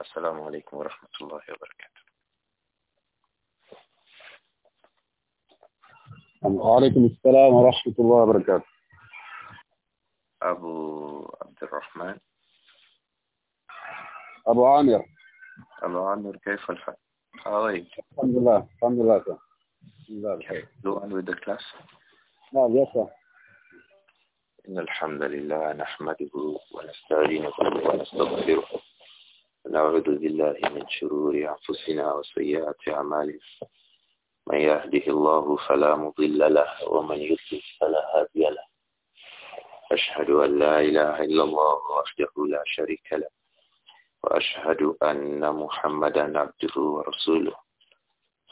السلام عليكم ورحمة الله وبركاته وعليكم السلام ورحمة الله وبركاته أبو عبد الرحمن أبو عامر أبو عامر كيف الحال؟ حالي الحمد لله الحمد لله الحمد لله Do on with the نعم yes إن الحمد لله نحمده ونستعينه ونستغفره ونعوذ بالله من شرور أنفسنا وسيئات أعمالنا من يهده الله فلا مضل له ومن يضلل فلا هادي له أشهد أن لا إله إلا الله وحده لا شريك له وأشهد أن محمدا عبده ورسوله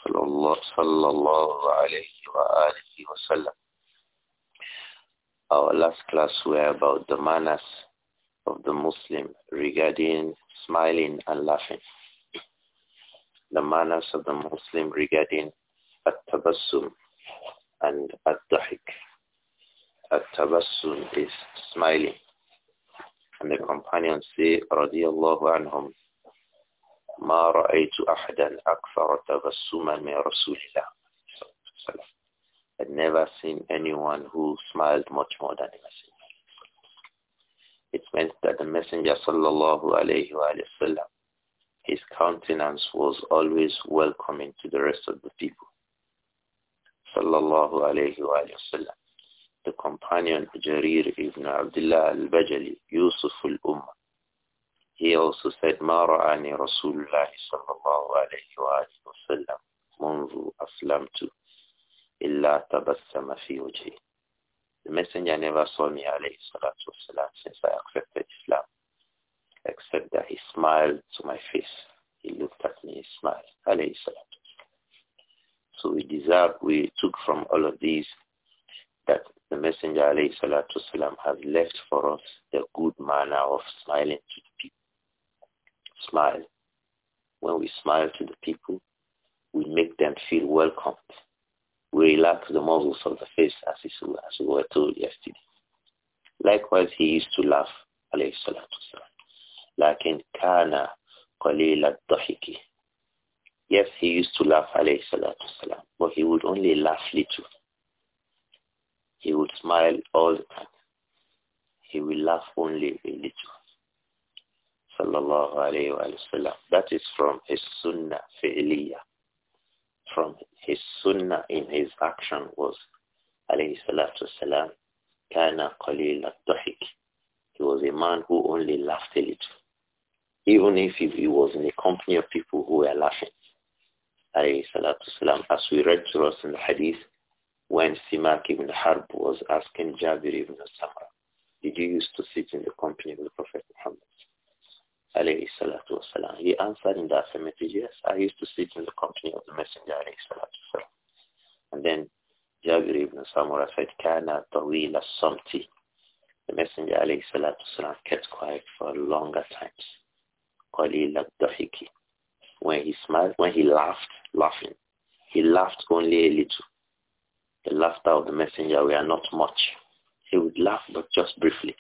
صلى الله, صلى الله عليه وآله وسلم Our last class were about the manners of the Muslim regarding smiling and laughing. The manners of the Muslim regarding at-tabassum and at-dahik. At-tabassum is smiling. And the companions say, radiyallahu anhum, ما رأيت أحدا أكثر تبسما من رسول الله I've never seen anyone who smiled much more than the messenger it meant that the Messenger sallallahu alayhi wa sallam, his countenance was always welcoming to the rest of the people. Sallallahu alayhi wa sallam. The companion Jarir ibn Abdullah al-Bajali, Yusuf al-Ummah, he also said, ما رآني رسول الله صلى الله عليه منذ أسلمت إلا تبسم في the messenger never saw me, alayhi salatu wasalam, since I accepted Islam, except that he smiled to my face. He looked at me, he smiled, alayhi salatu So we deserve, we took from all of these that the messenger, alayhi salatu wasalam, has left for us the good manner of smiling to the people. Smile. When we smile to the people, we make them feel welcomed relax the muscles of the face as, as we were told yesterday. Likewise, he used to laugh, alayhi salatu Lakin kana qalila dhahiki. Yes, he used to laugh, alayhi salatu but he would only laugh little. He would smile all the time. He will laugh only a little. Sallallahu alayhi wa That is from his sunnah fi'liyah from his sunnah in his action was alayhi salatu salam kana qalil al-tuhik. He was a man who only laughed a little, even if he, was in the company of people who were laughing. Alayhi salatu salam. as we read to us in the hadith, when Simak ibn Harb was asking Jabir ibn Samra, did you used to sit in the company of the Prophet Muhammad? alayhi salatu wasalam. He answered in the affirmative, yes, I used to sit in the company of the messenger alayhi salatu wasalam. And then Jabir ibn Samura said, Kana tawila somti. The messenger alayhi salatu wasalam kept quiet for longer times. Qalila dahiki. When he smiled, when he laughed, laughing. He laughed only a little. The laughter of the messenger were not much. He would laugh, but just briefly.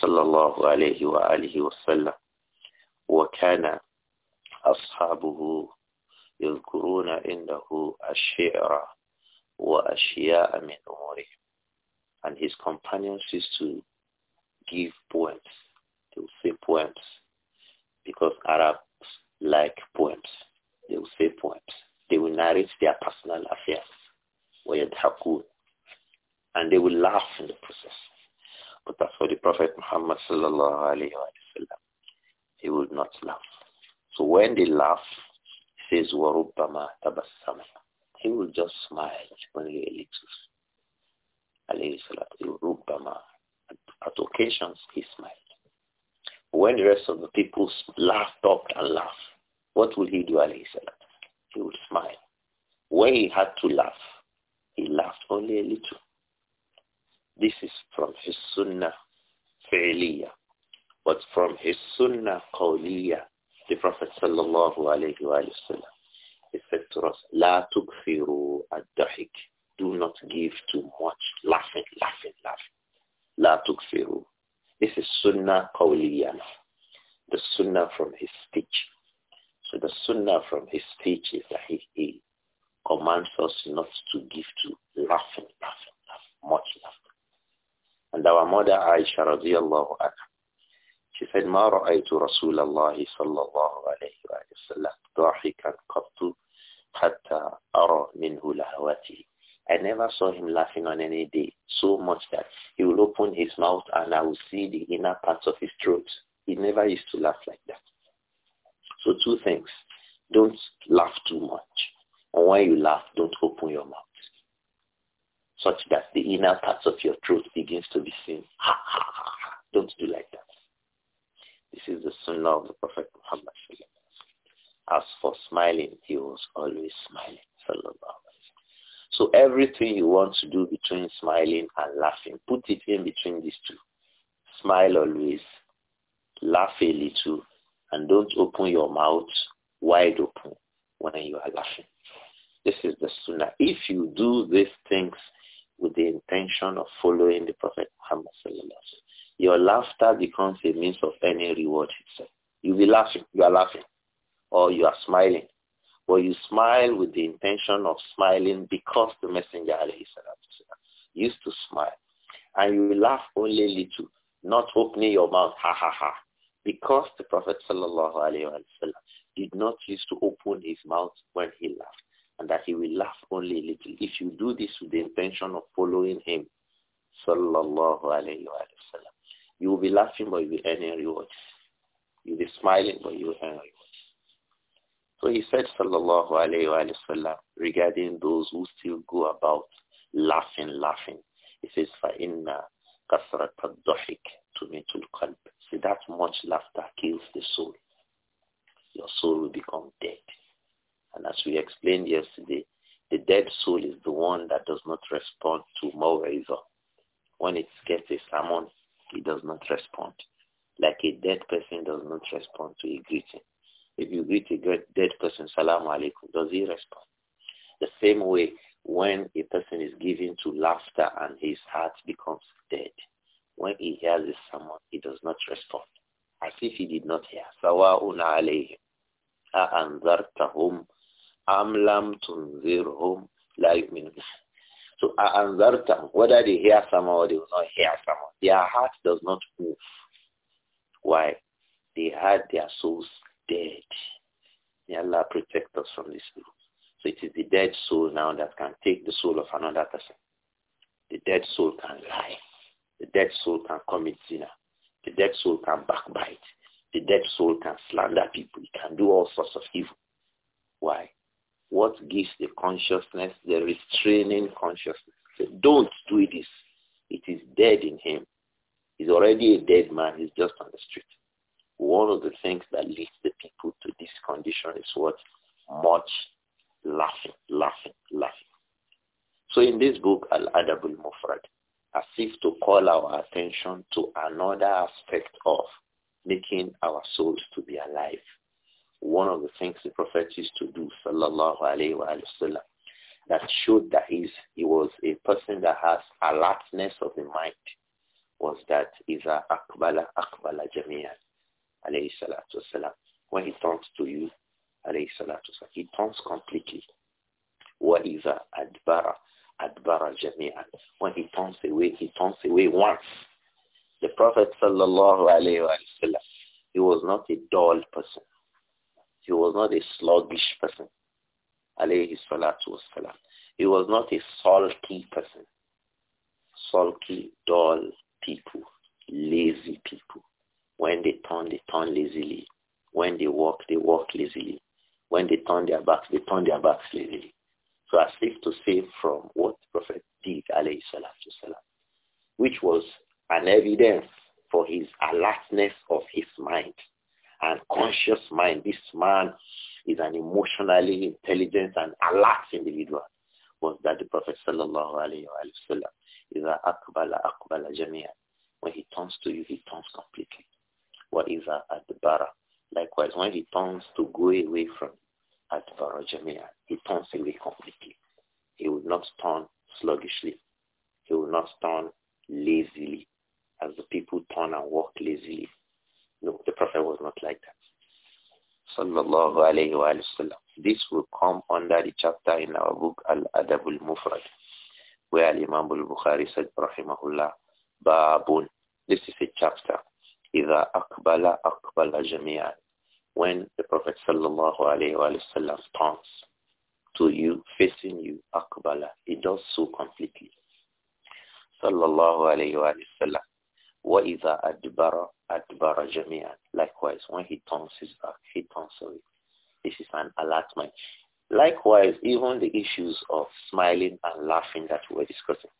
صلى الله عليه وآله وسلم وكان أصحابه يذكرون عنده الشعر وأشياء من أمورهم and his companions used to give poems they would say poems because Arabs like poems they would say poems they will narrate their personal affairs ويضحكون and they will laugh in the process but as for the Prophet Muhammad sallallahu alayhi wa sallam, he would not laugh. So when they laugh, he says, وَرُبَّمَا تَبَسَّمَ He will just smile only a little. Alayhi salatu رُبَّمَا At occasions, he smiled. When the rest of the people laugh, stopped and laugh, what will he do, alayhi salatu? He would smile. When he had to laugh, he laughed only a little. This is from his sunnah fi'liya, but from his sunnah qawliya, the Prophet sallallahu alayhi wa sallam, he said to us, La tukfiru ad-dahik. Do not give too much laughing, laughing, laughing. La tukfiru. This is sunnah qawliya, the sunnah from his speech. So the sunnah from his speech is that he, he commands us not to give too laughing, laughing, laughing, much laughing. And our mother Aisha radiallahu anha, she said, ما رأيت رسول الله صلى الله عليه وسلم ضاحكا قط حتى أرى منه لهواته. I never saw him laughing on any day so much that he will open his mouth and I will see the inner parts of his throat. He never used to laugh like that. So two things. Don't laugh too much. And when you laugh, don't open your mouth such that the inner parts of your throat begins to be seen. Don't do like that. This is the sunnah of the Prophet Muhammad. As for smiling, he was always smiling. So everything you want to do between smiling and laughing, put it in between these two. Smile always, laugh a little, and don't open your mouth wide open when you are laughing. This is the sunnah. If you do these things, with the intention of following the Prophet Muhammad Your laughter becomes a means of earning reward itself. You will laugh, you are laughing, or you are smiling. But you smile with the intention of smiling because the Messenger used to smile. And you laugh only little, not opening your mouth, ha ha ha. Because the Prophet did not used to open his mouth when he laughed and that he will laugh only a little. If you do this with the intention of following him, sallallahu alayhi wa sallam, you will be laughing but you will be earning rewards. You will be smiling but you will earn rewards. So he said, sallallahu alayhi wa sallam, regarding those who still go about laughing, laughing. He says, فَإِنَّ كَثْرَةَ الضَّحِكِ تُمِيتُ الْقَلْبِ See, that much laughter kills the soul. Your soul will become dead and as we explained yesterday, the dead soul is the one that does not respond to Mawaiza. When it gets a sermon, it does not respond. Like a dead person does not respond to a greeting. If you greet a dead person, salam alaikum, does he respond? The same way when a person is given to laughter and his heart becomes dead, when he hears a sermon, he does not respond. As if he did not hear. Amlam tunzirhum la yu'minun. So anzartam, whether they hear someone or they will not hear someone, their heart does not move. Why? They had their souls dead. May Allah protect us from this evil. So it is the dead soul now that can take the soul of another person. The dead soul can lie. The dead soul can commit sin. The dead soul can backbite. The dead soul can slander people. It can do all sorts of evil. Why? what gives the consciousness, the restraining consciousness. So don't do this. It is dead in him. He's already a dead man. He's just on the street. One of the things that leads the people to this condition is what? Much laughing, laughing, laughing. So in this book, Al-Adabul Mufrad, as if to call our attention to another aspect of making our souls to be alive one of the things the Prophet used to do, sallallahu alayhi wa that showed that he's, he was a person that has alertness of the mind, was that Iza akbala akbala jami'an, alayhi salatu wasalam. When he turns to you, alayhi salatu wasalam, he turns completely. Wa Iza adbara, adbara jami'an. When he turns away, he turns away once. The Prophet sallallahu alayhi wa sallam, he was not a dull person. He was not a sluggish person. Alayhi salatu wasalam. He was not a sulky person. Sulky, dull people, lazy people. When they turn, they turn lazily. When they walk, they walk lazily. When they turn their backs, they turn their backs lazily. So as if to say from what Prophet did, alayhi salatu wasalam, which was an evidence for his alertness of his mind and conscious mind. This man is an emotionally intelligent and alert individual. Was that the Prophet sallallahu alayhi wa sallam is akbala akbala jamia. When he turns to you, he turns completely. What is a adbara. Likewise, when he turns to go away from adbara jamia, he turns away completely. He will not turn sluggishly. He will not turn lazily as the people turn and walk lazily. No, the Prophet was not like that. Sallallahu alayhi wa This will come under the chapter in our book Al-Adabul Mufrad, where Imam al-Bukhari said, rahimahullah, Babun. This is a chapter. إذا akbala, akbala جميعا. When the Prophet sallallahu alayhi wa sallam turns to you, facing you, Akbala, he does so completely. Sallallahu alayhi wa sallam. وَإِذَا أَدْبَرَ أَدْبَرَ جَمِيعًا Likewise, when he turns his back, he turns away. This is an alertment. Likewise, even the issues of smiling and laughing that we were discussing.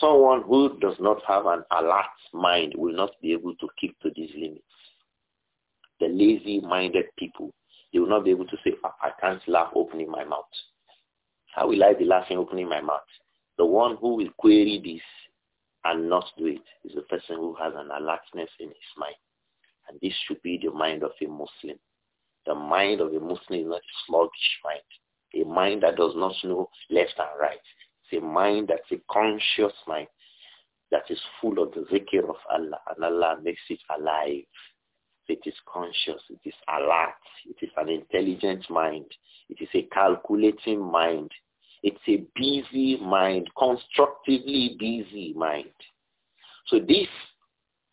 Someone who does not have an alert mind will not be able to keep to these limits. The lazy-minded people, they will not be able to say, ah, I can't laugh opening my mouth. How will I be laughing opening my mouth? The one who will query this and not do it is a person who has an alertness in his mind. And this should be the mind of a Muslim. The mind of a Muslim is not a sluggish mind. A mind that does not know left and right. It's a mind that's a conscious mind that is full of the zikr of Allah. And Allah makes it alive. It is conscious. It is alert. It is an intelligent mind. It is a calculating mind. It's a busy mind, constructively busy mind. So this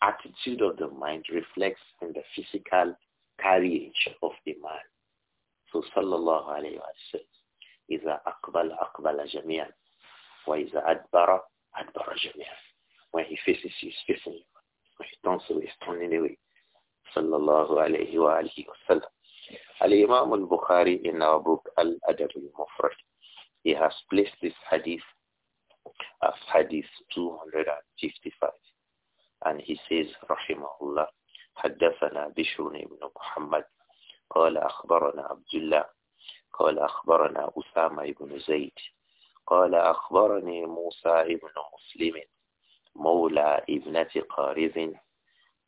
attitude of the mind reflects in the physical carriage of the man. So sallallahu alayhi wa sallam, إِذَا أَقْبَلَ أَقْبَلَ جَمِيعًا a adbara adbara جَمِيعًا When he faces you, he's facing you. When he turns away, he's turning away. Sallallahu alayhi wa alihi wa sallam. Al-Imam al-Bukhari in our book Al-Adab al-Mufrad he has placed this hadith as hadith 255. And he says, rahimahullah, حدثنا بشر بن محمد قال أخبرنا عبد الله قال أخبرنا أسامة بن زيد قال أخبرني موسى بن مسلم مولى ابنة قارز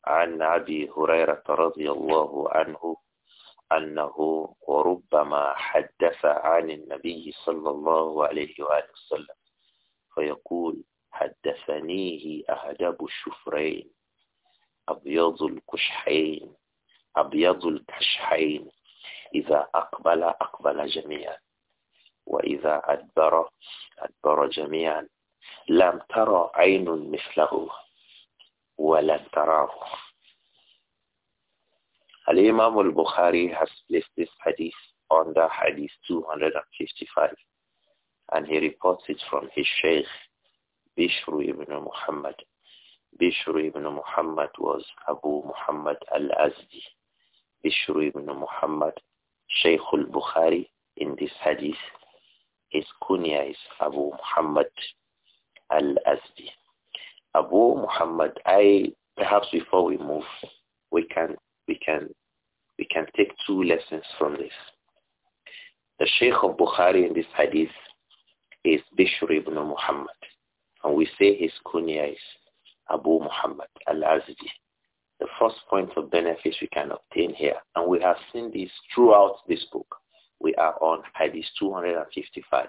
عن أبي هريرة رضي الله عنه أنه وربما حج الله عليه وآله وسلم فيقول حدثنيه أهدب الشفرين أبيض الكشحين أبيض الكشحين إذا أقبل أقبل جميعا وإذا أدبر أدبر جميعا لم ترى عين مثله ولن تراه الإمام البخاري has placed this hadith on the hadith 255 and he reports it from his sheikh, Bishru ibn Muhammad. Bishru ibn Muhammad was Abu Muhammad al-Azdi. Bishru ibn Muhammad, Sheikh al-Bukhari in this hadith. His kunya is Abu Muhammad al-Azdi. Abu Muhammad, I perhaps before we move, we can we can we can take two lessons from this. The Sheikh of Bukhari in this hadith Muhammad. And we say his kunya is Abu Muhammad al-Azdi. The first point of benefits we can obtain here, and we have seen this throughout this book. We are on Hadith 255,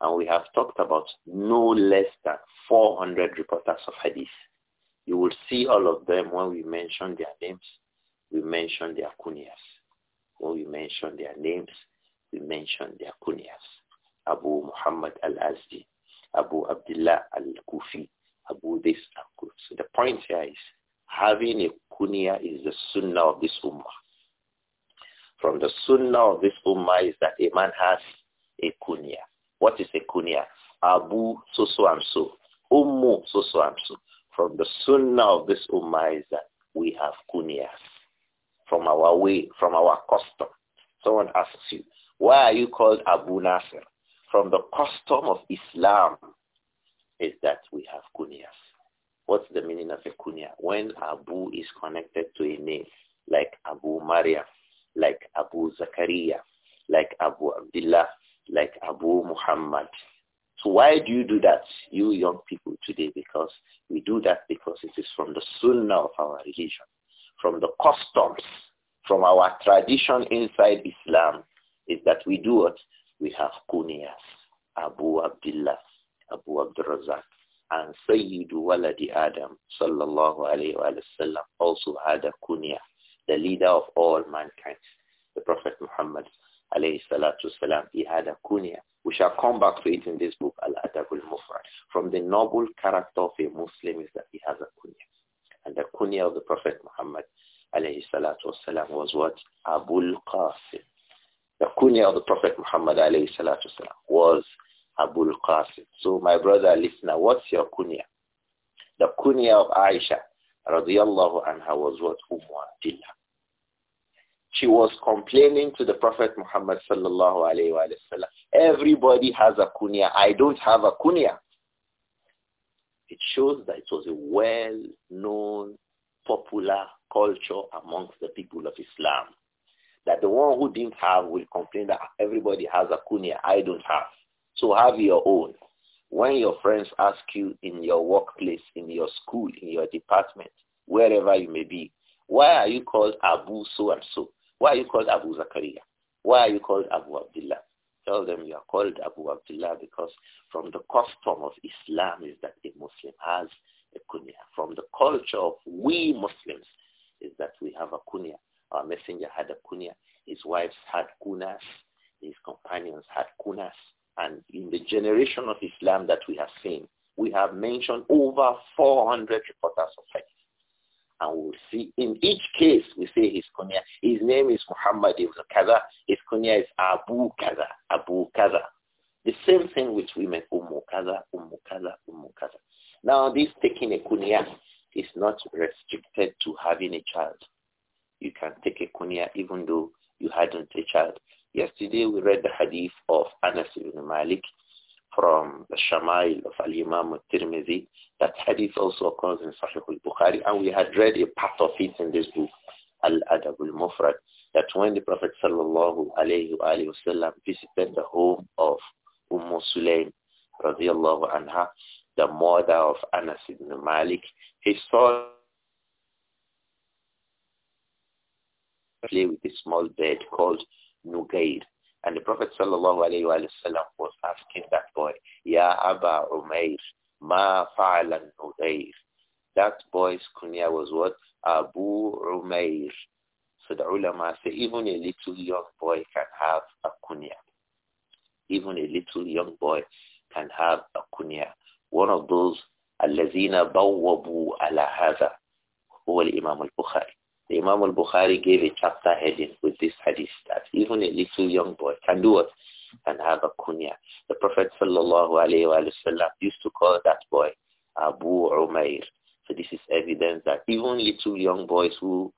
and we have talked about no less than 400 reporters of Hadith. You will see all of them when we mention their names, we mention their kunyas. When we mention their names, we mention their kunyas. Abu Muhammad al-Azdi, Abu Abdullah al-Kufi, Abu this, Abu So the point here is having a kunya is the sunnah of this ummah. From the sunnah of this ummah is that a man has a kunya. What is a kunya? Abu so so and so, Ummu so so and so. From the sunnah of this ummah is that we have kunyas from our way, from our custom. Someone asks you, why are you called Abu Nasser? From the custom of Islam is that we have kunyas. What's the meaning of a kunya? When Abu is connected to a name, like Abu Maria, like Abu Zakaria, like Abu Abdullah, like Abu Muhammad. So why do you do that, you young people today? Because we do that because it is from the sunnah of our religion, from the customs, from our tradition inside Islam, is that we do it we have Kuniyas, Abu Abdullah, Abu Razak, and Sayyidu Waladi Adam, sallallahu alayhi wa sallam, also had a kunya, the leader of all mankind, the Prophet Muhammad, alayhi salatu salam, he had a kunya. We shall come back to it in this book, Al-Adabul Mufrad. From the noble character of a Muslim is that he has a kunya. And the kunya of the Prophet Muhammad, alayhi salatu salam, was what? Abul Qasim. The kunya of the Prophet Muhammad was Abul Qasim. So my brother listener, what's your kunya? The kunya of Aisha radiallahu anha was what? Ummu Abdillah. She was complaining to the Prophet Muhammad sallallahu alayhi wa Everybody has a kunya. I don't have a kunya. It shows that it was a well-known, popular culture amongst the people of Islam that the one who didn't have will complain that everybody has a kunya, I don't have. So have your own. When your friends ask you in your workplace, in your school, in your department, wherever you may be, why are you called Abu so and so? Why are you called Abu Zakaria? Why are you called Abu Abdullah? Tell them you are called Abu Abdullah because from the custom of Islam is that a Muslim has a kunya. From the culture of we Muslims is that we have a kunya. Our messenger had a kunya. His wives had kunas. His companions had kunas. And in the generation of Islam that we have seen, we have mentioned over 400 reporters of hadith. And we'll see in each case, we say his kunya. His name is Muhammad ibn Kaza. His kunya is Abu Kaza. Abu Kaza. The same thing with women, Ummu Kaza, Ummu Kaza, Ummu Kaza. Now, this taking a kunya is not restricted to having a child you can take a kunya even though you hadn't a child. Yesterday we read the hadith of Anas ibn Malik from the Shama'il of Al-Imam al That hadith also occurs in Sahih al-Bukhari and we had read a part of it in this book, Al-Adab al-Mufrad, that when the Prophet sallallahu alayhi wa visited the home of Umm Sulaim radiallahu anha, the mother of Anas ibn Malik, he saw play with a small bird called Nugair. And the Prophet sallallahu alayhi wa sallam was asking that boy, Ya Aba Umair, ma fa'ala Nugair. That boy's kunya was what? Abu Umair. So the ulama say even a little young boy can have a kunya. Even a little young boy can have a kunya. One of those, الذين بوبوا على هذا هو الإمام البخاري the Imam al-Bukhari gave a chapter heading with this hadith that even a little young boy can do what? Can have a kunya. The Prophet sallallahu alayhi sallam used to call that boy Abu Umair. So this is evidence that even little young boys who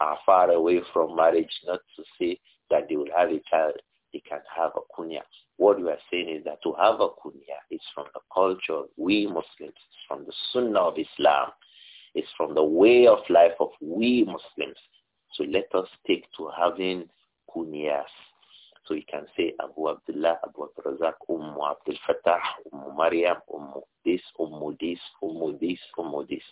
are far away from marriage, not to say that they will have a child, they can have a kunya. What we are saying is that to have a kunya is from the culture of we Muslims, from the sunnah of Islam, is from the way of life of we Muslims. So let us take to having kunyas. So you can say Abu Abdullah, Abu Razak, Ummu Abdul Fatah, Ummu Maryam, Ummu this, Ummu this, Ummu this, Ummu this.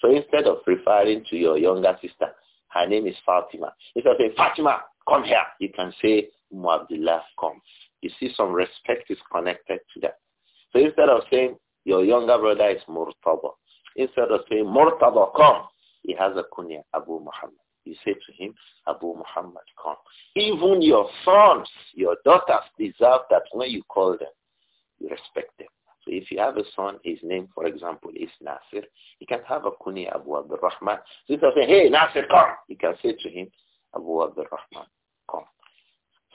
So instead of referring to your younger sister, her name is Fatima. Instead of saying, Fatima, come here, you can say Ummu Abdullah, come. You see some respect is connected to that. So instead of saying your younger brother is Murtaba, Instead of saying Murtada, come, he has a kunya, Abu Muhammad. You say to him, Abu Muhammad, come. Even your sons, your daughters deserve that when you call them, you respect them. So if you have a son, his name, for example, is Nasir, he can have a kunya, Abu Abdul Rahman. So instead of saying, hey, Nasir, come, you can say to him, Abu Abdul Rahman, come.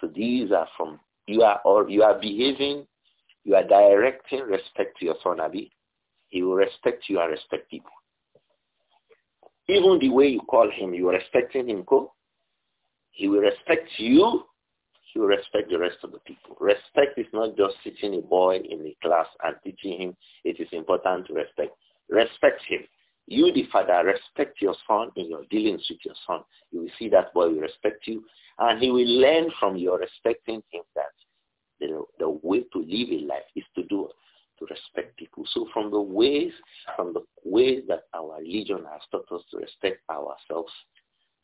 So these are from, you are, or you are behaving, you are directing respect to your son, Abi, he will respect you and respect people. Even the way you call him, you are respecting him, go. He will respect you. He will respect the rest of the people. Respect is not just teaching a boy in a class and teaching him. It is important to respect. Respect him. You, the father, respect your son in your dealings with your son. You will see that boy will respect you, and he will learn from your respecting him that the, the way to live a life is to do to respect people. So from the ways, from the ways that our religion has taught us to respect ourselves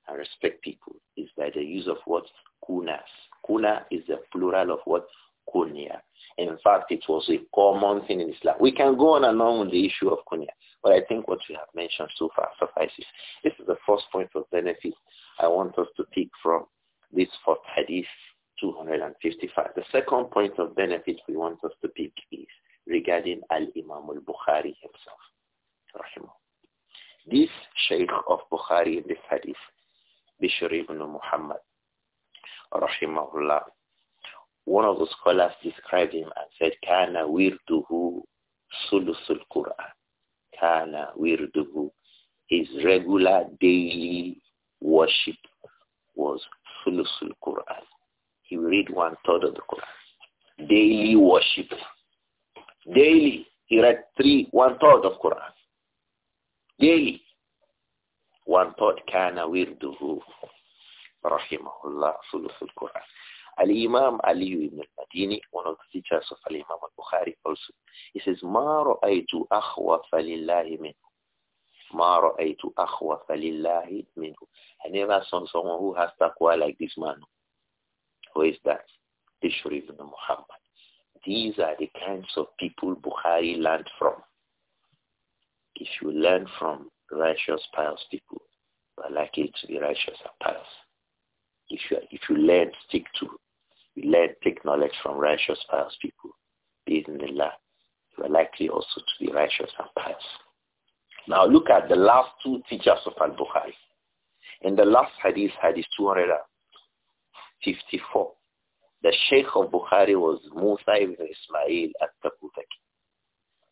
and respect people is by the use of what? Kunas. Kuna is the plural of what? Kunya. In fact, it was a common thing in Islam. We can go on and on on the issue of kunya, but I think what we have mentioned so far suffices. This is the first point of benefit I want us to pick from this fourth hadith 255. The second point of benefit we want us to pick is regarding Al-Imam al-Bukhari himself. This Shaykh of Bukhari in this hadith, Bishr ibn Muhammad, rahimahullah, one of the scholars described him and said, Kana wirduhu sulusul Quran. Kana wirduhu. His regular daily worship was sulusul Quran. He read one third of the Quran. Daily worship Daily, he read three, one third of Quran. Daily, one third kana wirduhu rahimahullah sulusul Quran. Al-Imam Ali ibn al-Madini, one of the teachers of Al-Imam al-Bukhari also, he says, ما رأيت أخوف لله منه. ما رأيت أخوف لله منه. I never saw someone who has taqwa like this man. Who is that? Bishr ibn Muhammad. These are the kinds of people Bukhari learned from. If you learn from righteous, pious people, you are likely to be righteous and pious. If you, if you learn, stick to, you learn, take knowledge from righteous, pious people, Bismillah, you are likely also to be righteous and pious. Now look at the last two teachers of Al-Bukhari. In the last hadith, hadith 254, the Sheikh of Bukhari was Musa ibn Ismail at-Tabuzaki.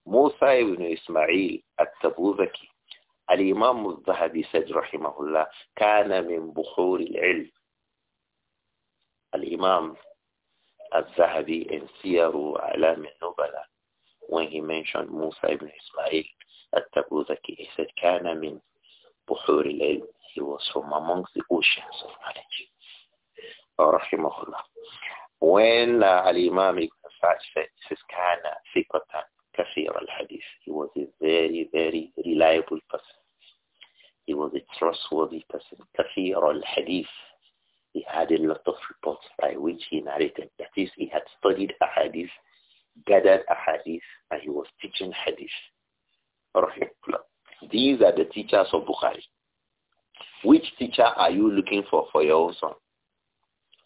Musa ibn Ismail at-Tabuzaki. Al-Imam al-Zahabi said, rahimahullah, kana min bukhur al-ilm. Al-Imam al-Zahabi in Siyaru Alam al-Nubala, when he mentioned Musa ibn Ismail at-Tabuzaki, he said, kana min bukhur al He was from amongst the oceans of knowledge. Rahimahullah. When uh, Al-Imam Ibn Sa'd said, this is Kathir al-Hadith, he was a very, very reliable person. He was a trustworthy person. Kathir al-Hadith, he had a lot of reports by which he narrated. That is, he had studied a hadith, gathered a hadith, and he was teaching hadith. These are the teachers of Bukhari. Which teacher are you looking for for your own son?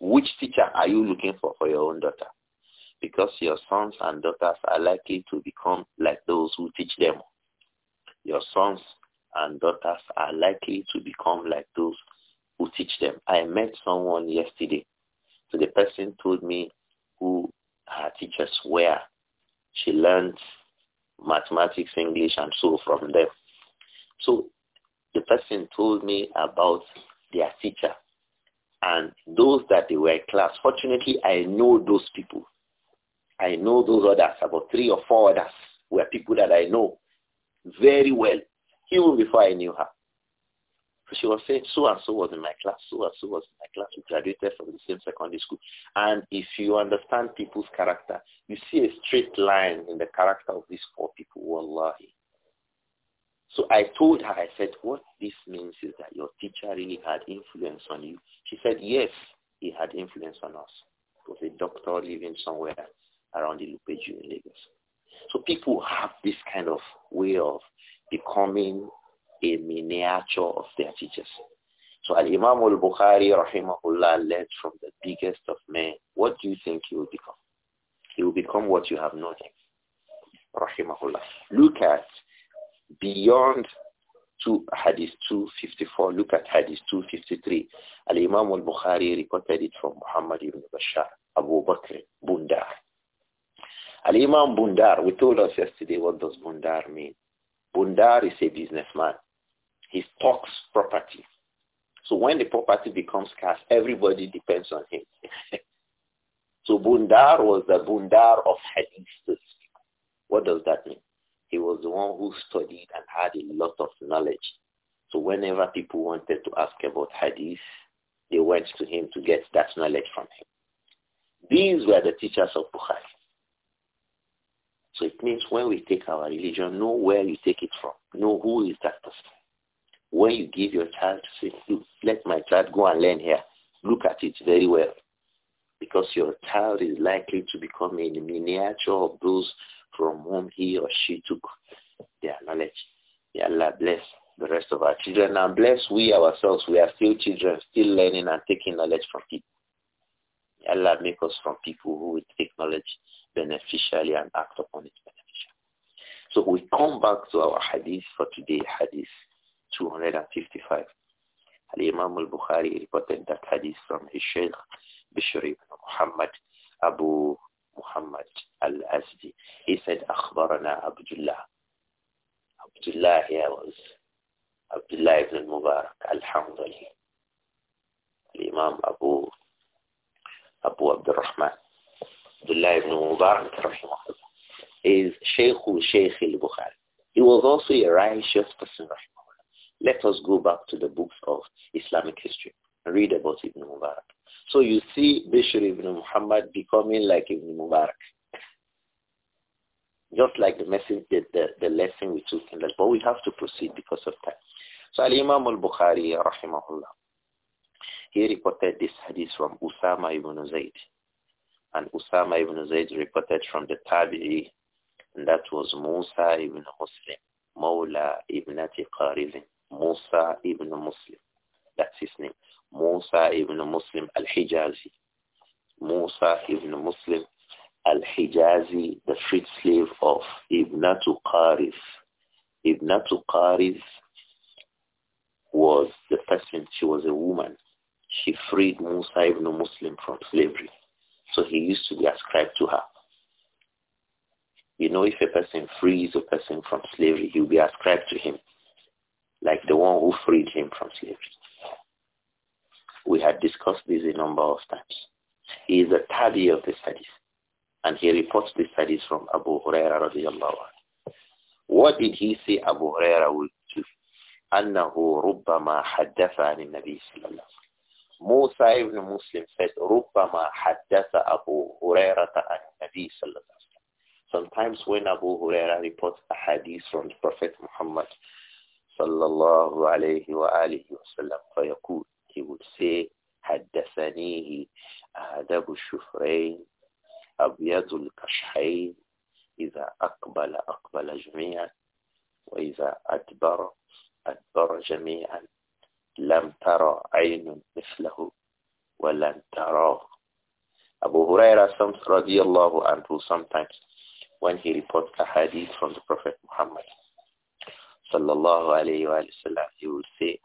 Which teacher are you looking for for your own daughter? Because your sons and daughters are likely to become like those who teach them. Your sons and daughters are likely to become like those who teach them. I met someone yesterday. So the person told me who her teachers were. She learned mathematics, English, and so from them. So the person told me about their teacher and those that they were in class. Fortunately, I know those people. I know those others, about three or four others were people that I know very well, even before I knew her. So she was saying, so and so was in my class, so and so was in my class. We graduated from the same secondary school. And if you understand people's character, you see a straight line in the character of these four people, wallahi. So I told her, I said, what this means is that your teacher really had influence on you. She said, yes, he had influence on us. It was a doctor living somewhere around the Lupeju in Lagos. So people have this kind of way of becoming a miniature of their teachers. So Al-Imam al-Bukhari, rahimahullah, led from the biggest of men. What do you think he will become? He will become what you have known him, rahimahullah. Look at beyond two, Hadith 254. Look at Hadith 253. Al-Imam al-Bukhari reported it from Muhammad ibn Bashar, Abu Bakr, Bundar. Al-Imam Bundar, we told us yesterday what does Bundar mean. Bundar is a businessman. He stocks property. So when the property becomes scarce, everybody depends on him. so Bundar was the Bundar of Hadith. What does that mean? He was the one who studied and had a lot of knowledge. So whenever people wanted to ask about hadith, they went to him to get that knowledge from him. These were the teachers of Bukhari. So it means when we take our religion, know where you take it from. Know who is that person. When you give your child to say, look, let my child go and learn here. Look at it very well. Because your child is likely to become a miniature of those from whom he or she took their knowledge. May Allah bless the rest of our children and bless we ourselves. We are still children, still learning and taking knowledge from people. May Allah make us from people who will take knowledge beneficially and act upon it beneficially. So we come back to our hadith for today, hadith 255. Al-Imam al-Bukhari reported that hadith from his Shaykh Bishr ibn Muhammad Abu Muhammad al-Asdi. He said, Akhbarana Abdullah. Abdullah here was Abdullah ibn Mubarak al-Hamdali. Al-Imam Abu, Abu Rahman. Abdullah ibn Mubarak rahimahullah is Shaykh Shaykh al-Bukhari. He was also a righteous person rahimahullah. Let us go back to the books of Islamic history and read about Ibn Mubarak. So you see Bishr ibn Muhammad becoming like Ibn Mubarak. Just like the message, the, the, the lesson we took in that. But we have to proceed because of time. So Al-Imam al-Bukhari, rahimahullah, he reported this hadith from Usama ibn Zayd. And Usama ibn Zayd reported from the Tabi'i, and that was Musa ibn Muslim, Mawla ibn Ati Qarizin, Musa ibn Muslim. That's his name. Musa ibn Muslim al-Hijazi. Musa ibn Muslim al-Hijazi, the freed slave of Ibn Qarif. Ibn Qarif was the person, she was a woman. She freed Musa ibn Muslim from slavery. So he used to be ascribed to her. You know, if a person frees a person from slavery, he'll be ascribed to him, like the one who freed him from slavery. We had discussed this a number of times. He is a tabi of the studies, And he reports the studies from Abu Huraira radiallahu What did he say Abu Huraira would do? أنه ربما حدث عن النبي صلى الله عليه وسلم Musa ibn Muslim said, Rubbama haddatha Abu Hurairah an Nabi sallallahu Sometimes when Abu Hurairah reports a hadith from the Prophet Muhammad sallallahu alayhi wa alihi wa فيقول, he would say, حدثنيه أهدب الشفرين أبيض الكشحين إذا أقبل أقبل جميعا وإذا أدبر أدبر جميعا لم ترى عين مثله ولن تراه Abu Huraira رضي الله عنه sometimes when he reports a hadith from the Prophet Muhammad he say,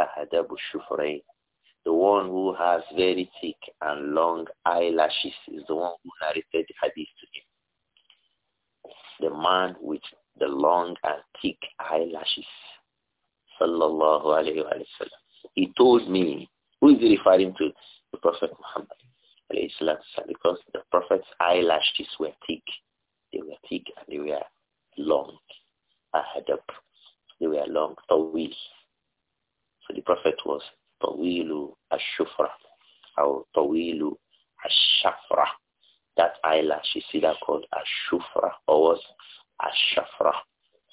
أَهَدَبُ الشُّفْرَيْنِ The one who has very thick and long eyelashes is the one who narrated the hadith to him. The man with the long and thick eyelashes. Sallallahu alayhi wa He told me, who is he referring to? The Prophet Muhammad. Because the Prophet's eyelashes were thick. They were thick and they were long ahadab. They were long, tawil. So the Prophet was tawilu Ashufra, or tawilu ash That eyelash is either called Ashufra. shufra or was ash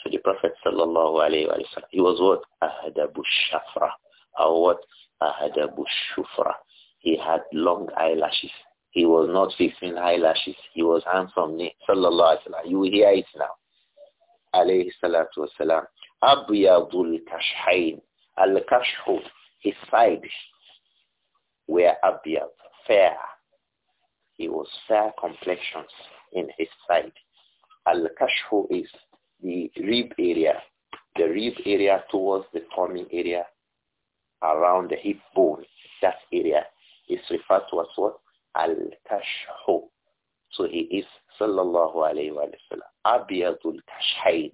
So the Prophet sallallahu alayhi wa sallam, he was what? Ahadabu shafra or what? Ahadabu shufra. He had long eyelashes. He was not fixing eyelashes. He was handsome. Sallallahu alayhi wa sallam. You will hear it now. عليه الصلاة والسلام. أبيض Kashhain. Al-Kashhu, his side, were أبيض fair. He was fair complexions in his side. Al-Kashhu is the rib area, the rib area towards the tummy area around the hip bone. That area is referred to as what? Al-Kashhu. So he is sallallahu alayhi wa sallam. Abiyatul kashhain.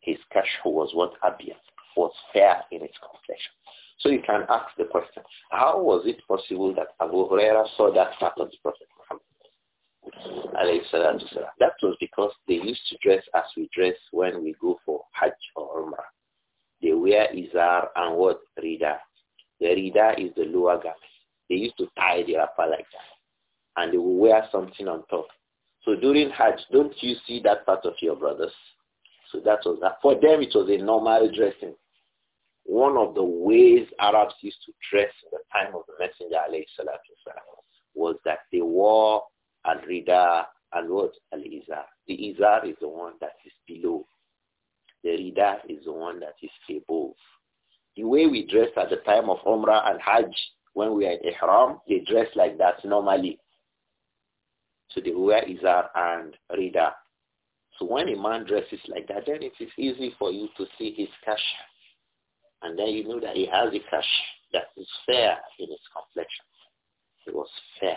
His kashhu was what Abiyad was fair in its complexion. So you can ask the question, how was it possible that Abu Huraira saw that part of the Prophet Muhammad? That was because they used to dress as we dress when we go for Hajj or Umrah. They wear izar and what? Rida. The rida is the lower garment. They used to tie the wrapper like that. And they will wear something on top. So during Hajj, don't you see that part of your brothers? So that was that. For them, it was a normal dressing. One of the ways Arabs used to dress in the time of the Messenger والسلام, was that they wore al-rida and what? Al-izar. The izar is the one that is below. The rida is the one that is above. The way we dress at the time of Umrah and Hajj when we are in Ihram, they dress like that normally. So the wear izar and reader. So when a man dresses like that, then it is easy for you to see his cash. And then you know that he has a cash that is fair in his complexion. He was fair.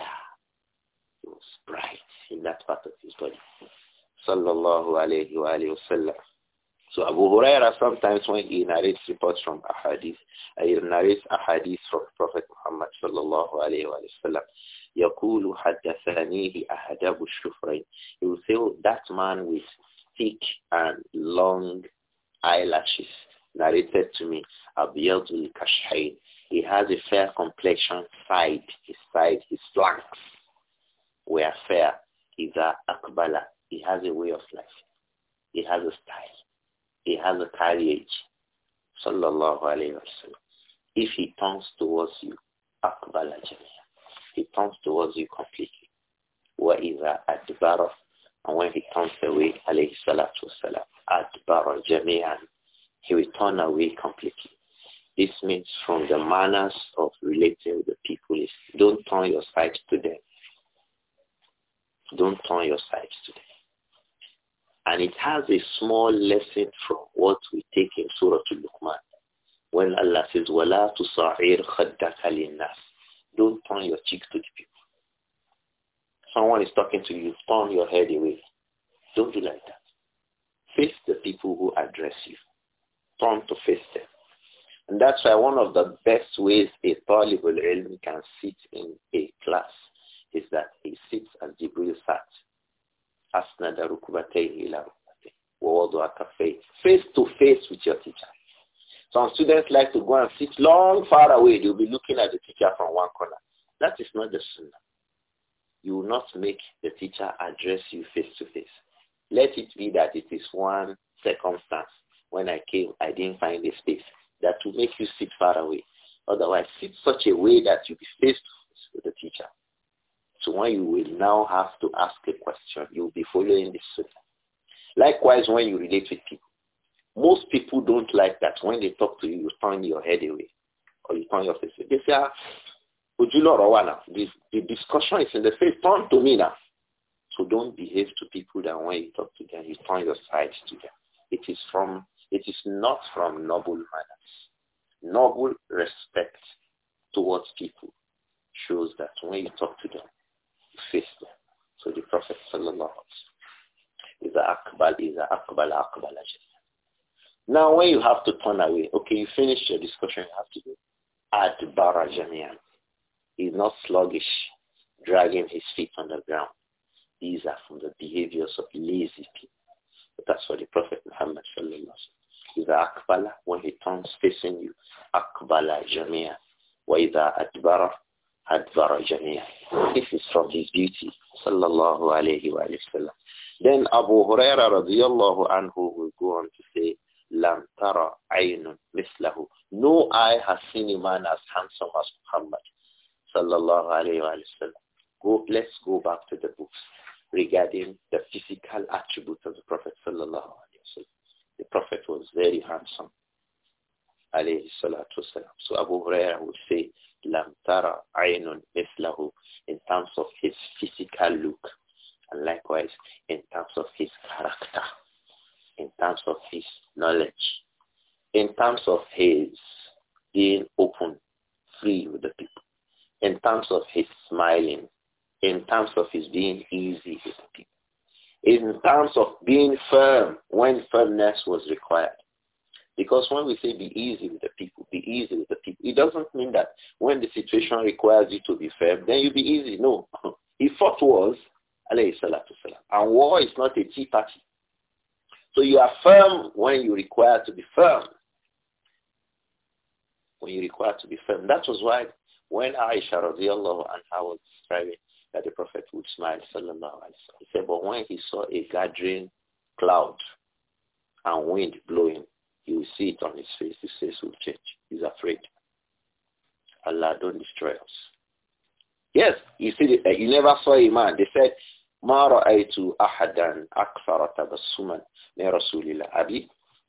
He was bright in that part of his body. Sallallahu alayhi wa, sallam. So Abu Huraira sometimes when he narrates reports from ahadith, he narrates ahadith from Prophet Muhammad sallallahu alayhi wa sallam. يقول He will say, oh, that man with thick and long eyelashes narrated to me, Abiyadul Kashhain. He has a fair complexion side, his side, his flanks were fair. He's a akbala. He has a way of life. He has a style. He has a carriage. Sallallahu alayhi wa If he turns towards you, akbala jameel he turns towards you completely. the bar, And when he turns away, alayhi salatu wasalam, أَدْبَرَ جَمِيعًا He will turn away completely. This means from the manners of relating with the people is don't turn your sight to them. Don't turn your sight to them. And it has a small lesson from what we take in Surah Al-Luqman. When Allah says, وَلَا تُصَعِرْ خَدَّكَ لِلنَّاسِ don't turn your cheek to the people. Someone is talking to you, turn your head away. Don't do like that. Face the people who address you. Turn to face them. And that's why one of the best ways a Talibul Ilm can sit in a class is that he sits as Jibril sat. asna rukubatayhi ila rukubatayhi. Face to face with your teacher. Some students like to go and sit long far away. They'll be looking at the teacher from one corner. That is not the sunnah. You will not make the teacher address you face to face. Let it be that it is one circumstance. When I came, I didn't find a space. That will make you sit far away. Otherwise, sit such a way that you be face to face with the teacher. So when you will now have to ask a question, you'll be following the sunnah. Likewise, when you relate with people, most people don't like that. When they talk to you, you turn your head away or you turn your face away. They say, ah, would you not know now? The, the discussion is in the face. Turn to me now. So don't behave to people that when you talk to them, you turn your side to them. It is from, it is not from noble manners. Noble respect towards people shows that when you talk to them, you face them. So the Prophet sallallahu alaihi wasallam, is a إذا أقبل أقبل now, when you have to turn away, okay, you finish your discussion, you have to do at Barajamian. He's not sluggish, dragging his feet on the ground. These are from the behaviors of lazy people. But that's what the Prophet Muhammad sallallahu إذا akbala when he turns facing you أقبل جميعا وإذا أدبر أدبر جميعا This is from his beauty sallallahu alaihi wasallam. Then Abu Huraira radiallahu anhu will go on to say لَنْ تَرَ عَيْنٌ No eye has seen a man as handsome as Muhammad sallallahu alayhi wa Go, let's go back to the books regarding the physical attributes of the Prophet sallallahu alayhi wa The Prophet was very handsome alayhi salatu wasalam. So Abu Huraira would say, Lam tara aynun mislahu in terms of his physical look and likewise in terms of his character in terms of his knowledge, in terms of his being open, free with the people, in terms of his smiling, in terms of his being easy with the people, in terms of being firm when firmness was required. Because when we say be easy with the people, be easy with the people, it doesn't mean that when the situation requires you to be firm, then you be easy. No. he fought wars, alayhi salatu salam. And war is not a tea party. So you are firm when you require to be firm. When you require to be firm. That was why when Aisha radiallahu anha was describing that the Prophet would smile, sallallahu alayhi He said, but when he saw a gathering cloud and wind blowing, he will see it on his face. His face will change. He's afraid. Allah, don't destroy us. Yes, you see, you never saw a man. They said, Mara رأيت أحدا أكثر Rasulillah. Abi,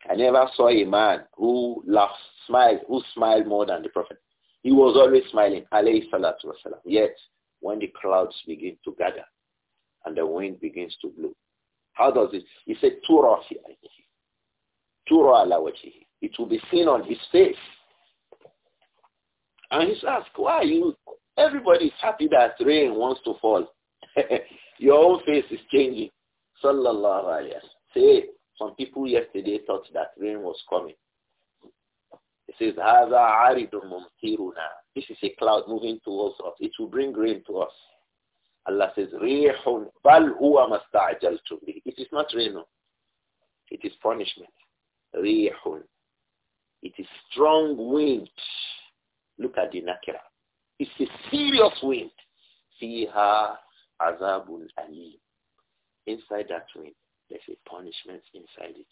I never saw a man who laughed, smiled, who smiled more than the Prophet. He was always smiling, alayhi salatu wasalam. Yet, when the clouds begin to gather and the wind begins to blow, how does it? He said, tura fi Tura It will be seen on his face. And he's asked, why you? Everybody is happy that rain wants to fall. Your own face is changing. Sallallahu alayhi wa sallam. Say, some people yesterday thought that rain was coming. It says, هَذَا عَارِضٌ This is a cloud moving towards us. It will bring rain to us. Allah says, رِيحٌ بَلْ هُوَ مَسْتَعْجَلْتُمْ بِهِ It is not rain. It is punishment. رِيحٌ It is strong wind. Look at the nakira. It's a serious wind. فِيهَا azabun ali Inside that wind, there's a punishment inside it.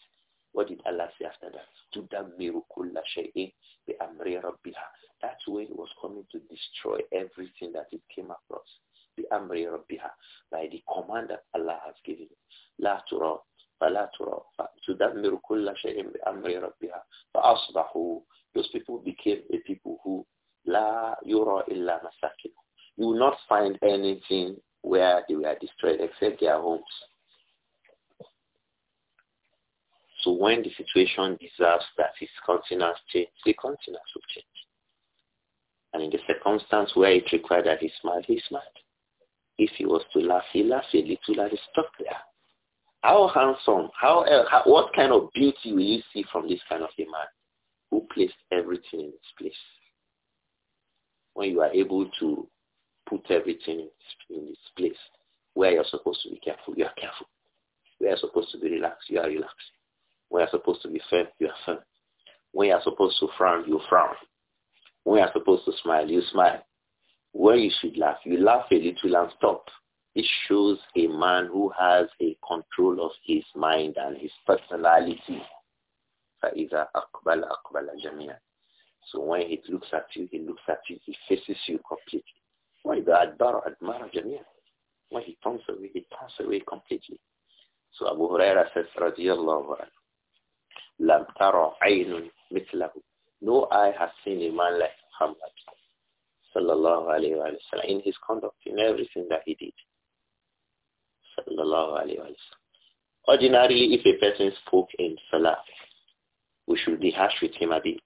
What did Allah say after that? تُدَمِّرُ كُلَّ شَيْءٍ بِأَمْرِ رَبِّهَا That way was coming to destroy everything that it came across. بِأَمْرِ رَبِّهَا By the command that Allah has given. La tura, لَا تُرَى فَلَا تُرَى Shay'in كُلَّ شَيْء بِأَمْرِ رَبِّهَا فَأَصْبَحُوا Those people became a people who la yura illa مَسَاكِنُ You will not find anything where they were destroyed except their homes. So when the situation deserves that his continuance change, the continuance will change. And in the circumstance where it required that he smiled, he smiled. If he was to laugh, he laughed a little and he stopped there. How handsome, how, eh, how, what kind of beauty will you see from this kind of a man who placed everything in its place? When you are able to put everything in its place, where you're supposed to be careful, you are careful. Where you're supposed to be relaxed, you are relaxed. When you're supposed to be firm, you are firm. When you're supposed to frown, you frown. When you're supposed to smile, you smile. When you should laugh, you laugh a little and stop. It shows a man who has a control of his mind and his personality. So when he looks at you, he looks at you, he faces you completely. When he turns away, he turns away completely. So Abu Huraira says, radiallahu anhu, لم ترى عين مثله no eye has seen a man like Muhammad sallallahu alayhi wa sallam in his conduct in everything that he did sallallahu alayhi wa sallam ordinarily if a person spoke in salah we should be harsh with him a bit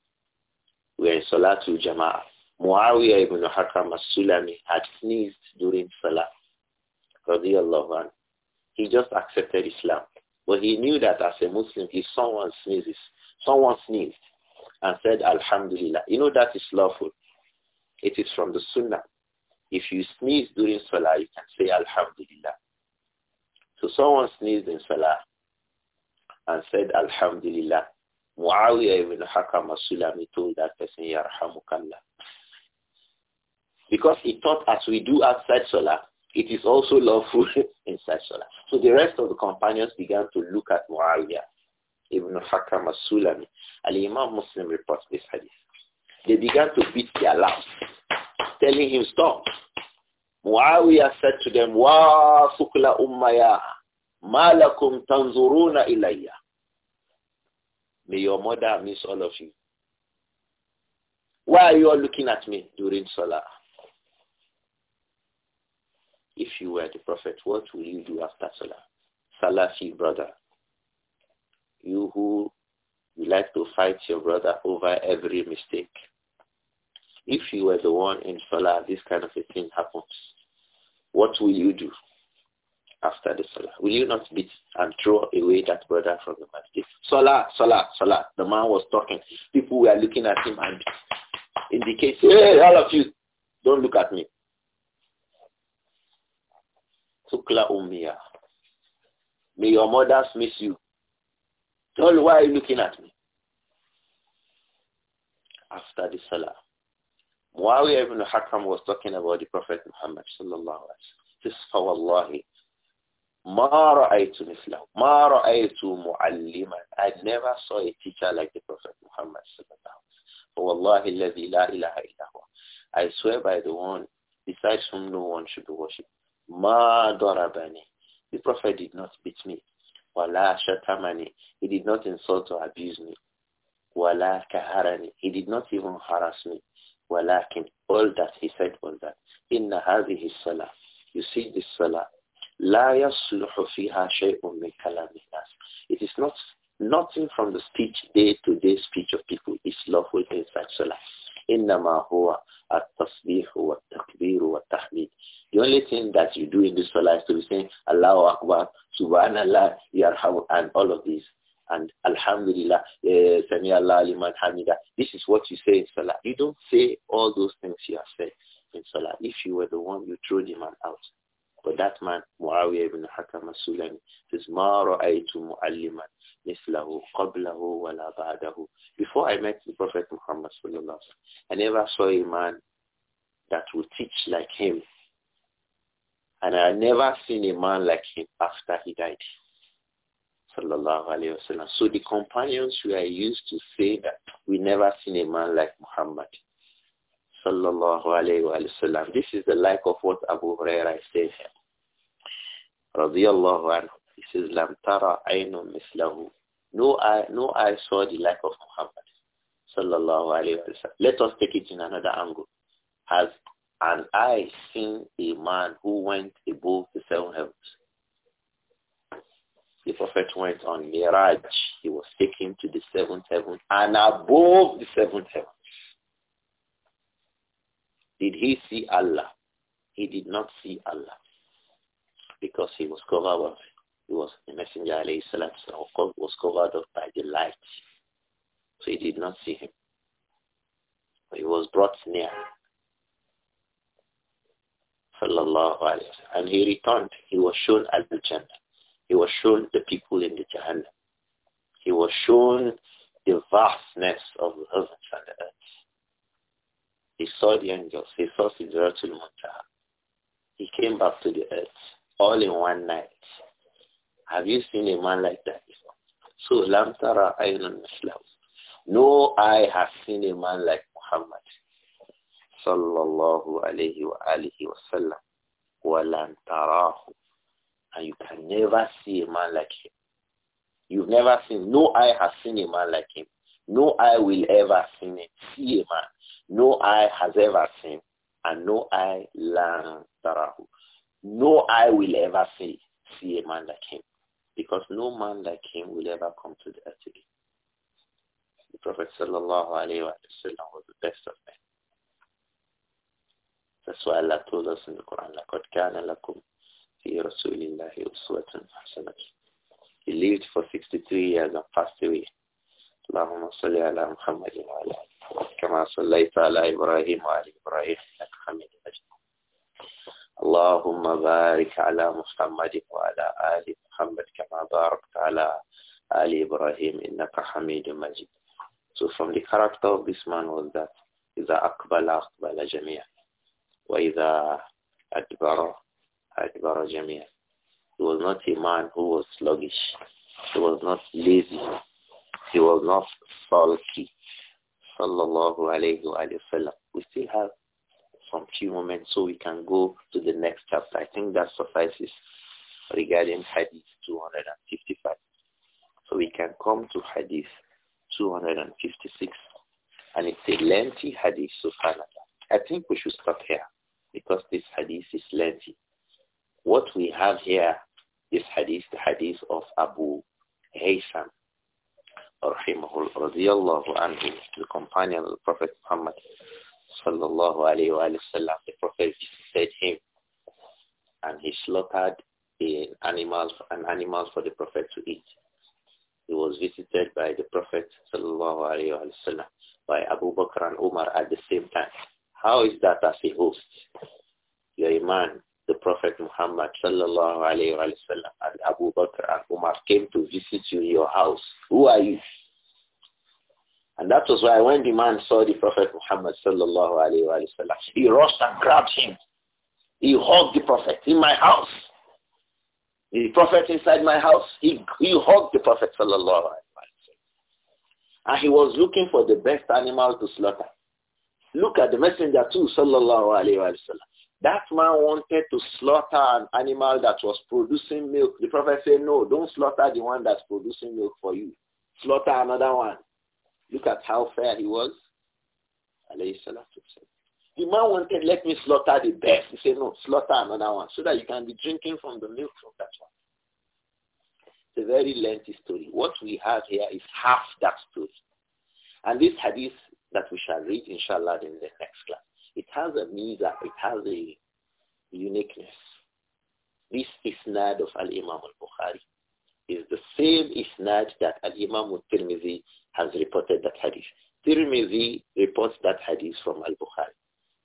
we are in salah to jama'ah Muawiyah ibn Hakam as-Sulami had sneezed during salah radiyallahu anhu he just accepted Islam but he knew that as a Muslim, if someone sneezes, someone sneezed and said, Alhamdulillah, you know that is lawful. It is from the Sunnah. If you sneeze during Salah, you can say Alhamdulillah. So someone sneezed in Salah and said, Alhamdulillah. Muawiyah ibn Hakam al-Sulami told that person, Yarhamukallah. Because he thought as we do outside Salah, it is also lawful in such salah. So the rest of the companions began to look at Muawiyah ibn Hakam al-Sulami. Al-Imam Muslim reports this hadith. They began to beat their laps, telling him, stop. Muawiyah said to them, Wa sukla ummaya, ma lakum tanzuruna ilayya. May your mother miss all of you. Why are you all looking at me during Salah? If you were the Prophet, what will you do after Salah? Salafi brother. You who you like to fight your brother over every mistake. If you were the one in Salah, this kind of a thing happens. What will you do after the Salah? Will you not beat and throw away that brother from the masjid? Salah, Salah, Salah. The man was talking. People were looking at him and indicating, hey, all of you, don't look at me. Tukla ummiya. May your mothers miss you. Tell why are you looking at me? After the salah. Muawiyah ibn Hakam was talking about the Prophet Muhammad sallallahu alaihi wasallam. This for ما رأيت مثله ما رأيت معلما I never saw a teacher like the Prophet Muhammad صلى الله عليه وسلم فوالله الذي لا إله إلا هو I swear by the one besides whom no one should be worshipped Ma darabani. The Prophet did not beat me. Wala shatamani. He did not insult or abuse me. Wala kaharani. He did not even harass me. Walakin. All that he said was that. Inna hadhihi salah. You see this salah. La yasluhu fiha shay'un min kalami It is not nothing from the speech, day-to-day -day speech of people is lawful in such salah. إنما هو التصبيح والتكبير والتحميد. The only thing that you do in this salah is to be saying Allahu Akbar, Subhanallah, Yarham, and all of these. And Alhamdulillah, eh, Sami Allah liman hamida. This is what you say in salah. You don't say all those things you have said in salah. If you were the one, you threw the man out. But that man, Muawiyah ibn Hakam as-Sulami, says, Ma ra'aytu mu'alliman مثله قبله ولا بعده. Before I met the Prophet Muhammad sallallahu I never saw a man that would teach like him. And I never seen a man like him after he died. Sallallahu alayhi wasallam. So the companions were used to say that we never seen a man like Muhammad. Sallallahu alayhi wasallam. This is the like of what Abu Huraira said here. Radiallahu anhu. He says, Lam tara aynu mislahu. No eye, no eye saw the like of Muhammad. Sallallahu alayhi wa Let us take it in another angle. Has an eye seen a man who went above the seven heavens? The Prophet went on Miraj. He was taken to the seventh heaven and above the seventh heaven. Did he see Allah? He did not see Allah because he was covered with he was the messenger alayhi salam was covered up by the light. So he did not see him. He was brought near. And he returned. He was shown as the Jannah. He was shown the people in the Jannah. He was shown the vastness of the heavens and the earth. He saw the angels. He saw Sidratul Muntaha. He came back to the earth all in one night. Have you seen a man like that before? So lam tara aynun No eye has seen a man like Muhammad sallallahu alayhi wa alihi wa sallam. And you can never see a man like him. You've never seen, no eye has seen a man like him. No eye will ever seen it, see a man. No eye has ever seen, and no eye lan tarahu. No eye will ever see, see a man like him because no man like him will ever come to the earth again. The Prophet sallallahu alayhi wa was the best of men. That's why Allah told us in the Quran, لَقَدْ كَانَ لَكُمْ فِي رَسُولِ اللَّهِ أُسْوَةٌ حَسَنَةٌ He lived for 63 years and passed away. اللهم صل على محمد وعلى آله كما صليت على إبراهيم وعلى إبراهيم إنك حميد مجيد اللهم بارك على محمد وعلى آل محمد كما باركت على آل إبراهيم إنك حميد مجيد So from the character of this man was that إذا أقبل أقبل جميعا وإذا أدبر أدبر جميعا He was not a man who was sluggish. He was not lazy. He was not sulky. Sallallahu alayhi wa sallam. We still have From few moments so we can go to the next chapter. I think that suffices regarding Hadith 255. So we can come to Hadith 256. And it's a lengthy Hadith, subhanAllah. I think we should stop here because this Hadith is lengthy. What we have here is Hadith, the Hadith of Abu Haytham rahimahullah, radiyallahu anhu, the companion of the Prophet Muhammad sallallahu alayhi wa sallam, the Prophet said him, and he slaughtered an animal, an animal for the Prophet to eat. He was visited by the Prophet sallallahu alayhi wa sallam, by Abu Bakr and Umar at the same time. How is that as a host? You're a man, the Prophet Muhammad sallallahu alayhi wa sallam and Abu Bakr and Umar came to visit you in your house. Who are you? And that was why when the man saw the Prophet Muhammad sallallahu alayhi wa sallam, he rushed and grabbed him. He hugged the Prophet in my house. The Prophet inside my house, he, he hugged the Prophet sallallahu alayhi wa And he was looking for the best animal to slaughter. Look at the messenger too, sallallahu alayhi wa sallam. That man wanted to slaughter an animal that was producing milk. The prophet said, no, don't slaughter the one that's producing milk for you. Slaughter another one. Look at how fair he was. The man wanted, let me slaughter the best. He said, no, slaughter another one so that you can be drinking from the milk from that one. It's a very lengthy story. What we have here is half that story. And this hadith that we shall read, inshallah, in the next class, it has a miza, it has a uniqueness. This isnad of Al-Imam al-Bukhari is the same isnad that Al-Imam al-Tirmidhi has reported that hadith. Tirmidhi reports that hadith from Al-Bukhari.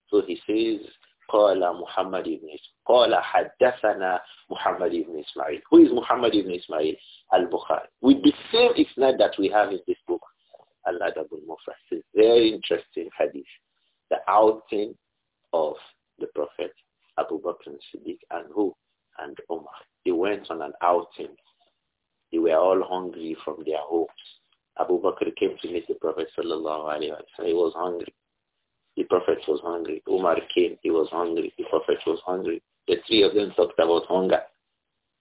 So he says, Qala Muhammad ibn قال حدثنا Muhammad ibn Ismail." Who is Muhammad ibn Ismail? Al-Bukhari. With the same isnad that we have in this book, Al-Adab al-Mufrad. It's a very interesting hadith. The outing of the Prophet Abu Bakr and Siddiq and who? And Umar. They went on an outing. They were all hungry from their homes Abu Bakr came to meet the Prophet sallallahu alaihi wasallam. He was hungry. The Prophet was hungry. Umar came. He was hungry. The Prophet was hungry. The three of them talked about hunger.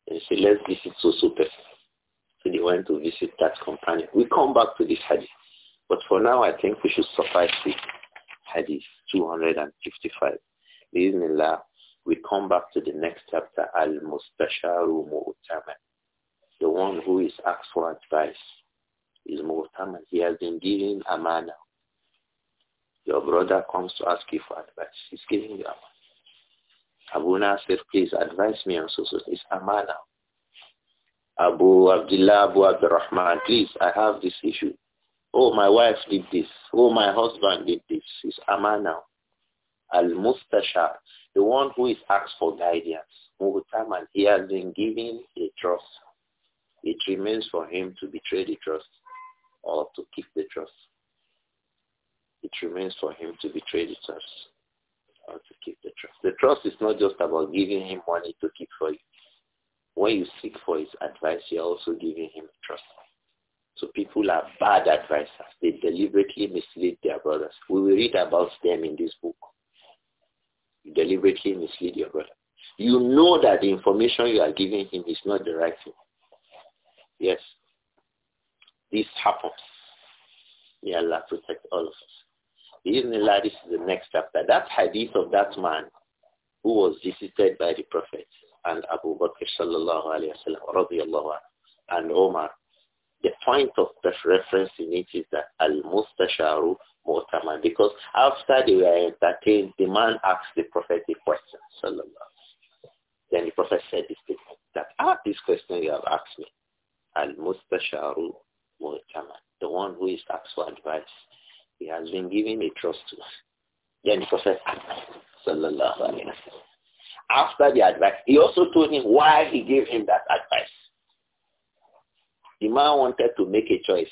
And said, let's visit Susu person. So they went to visit that companion. We come back to this hadith. But for now, I think we should suffice with hadith 255. Bismillah, we come back to the next chapter, Al-Mustasharu Mu'tamar, the one who is asked for advice is mu'taman. He has been giving amana. Your brother comes to ask you for advice. He's giving you amana. Abu Nasir, please advise me on so It's amana. Abu Abdullah, Abu Abdurrahman, please, I have this issue. Oh, my wife did this. Oh, my husband did this. It's amana. Al-Mustashar, the one who is asked for guidance. Muhtaman, he has been given a trust. It remains for him to betray the trust or to keep the trust. It remains for him to betray the trust or to keep the trust. The trust is not just about giving him money to keep for you. When you seek for his advice, you're also giving him trust. So people are bad advisors. They deliberately mislead their brothers. We will read about them in this book. You deliberately mislead your brother. You know that the information you are giving him is not the right thing. Yes, this happens. May Allah protect all of us. Allah, this is the next chapter. That hadith of that man who was visited by the Prophet and Abu Bakr sallallahu alayhi wa sallam, and Omar. The point of reference in it is that al-mustasharu mu'taman because after they were entertained, the man asked the Prophet a question sallallahu Then the Prophet said this statement that, ah, this question you have asked me, al-mustasharu the one who is asked for advice. He has been given a trust to. Then the Prophet sallallahu After the advice, he also told him why he gave him that advice. The man wanted to make a choice.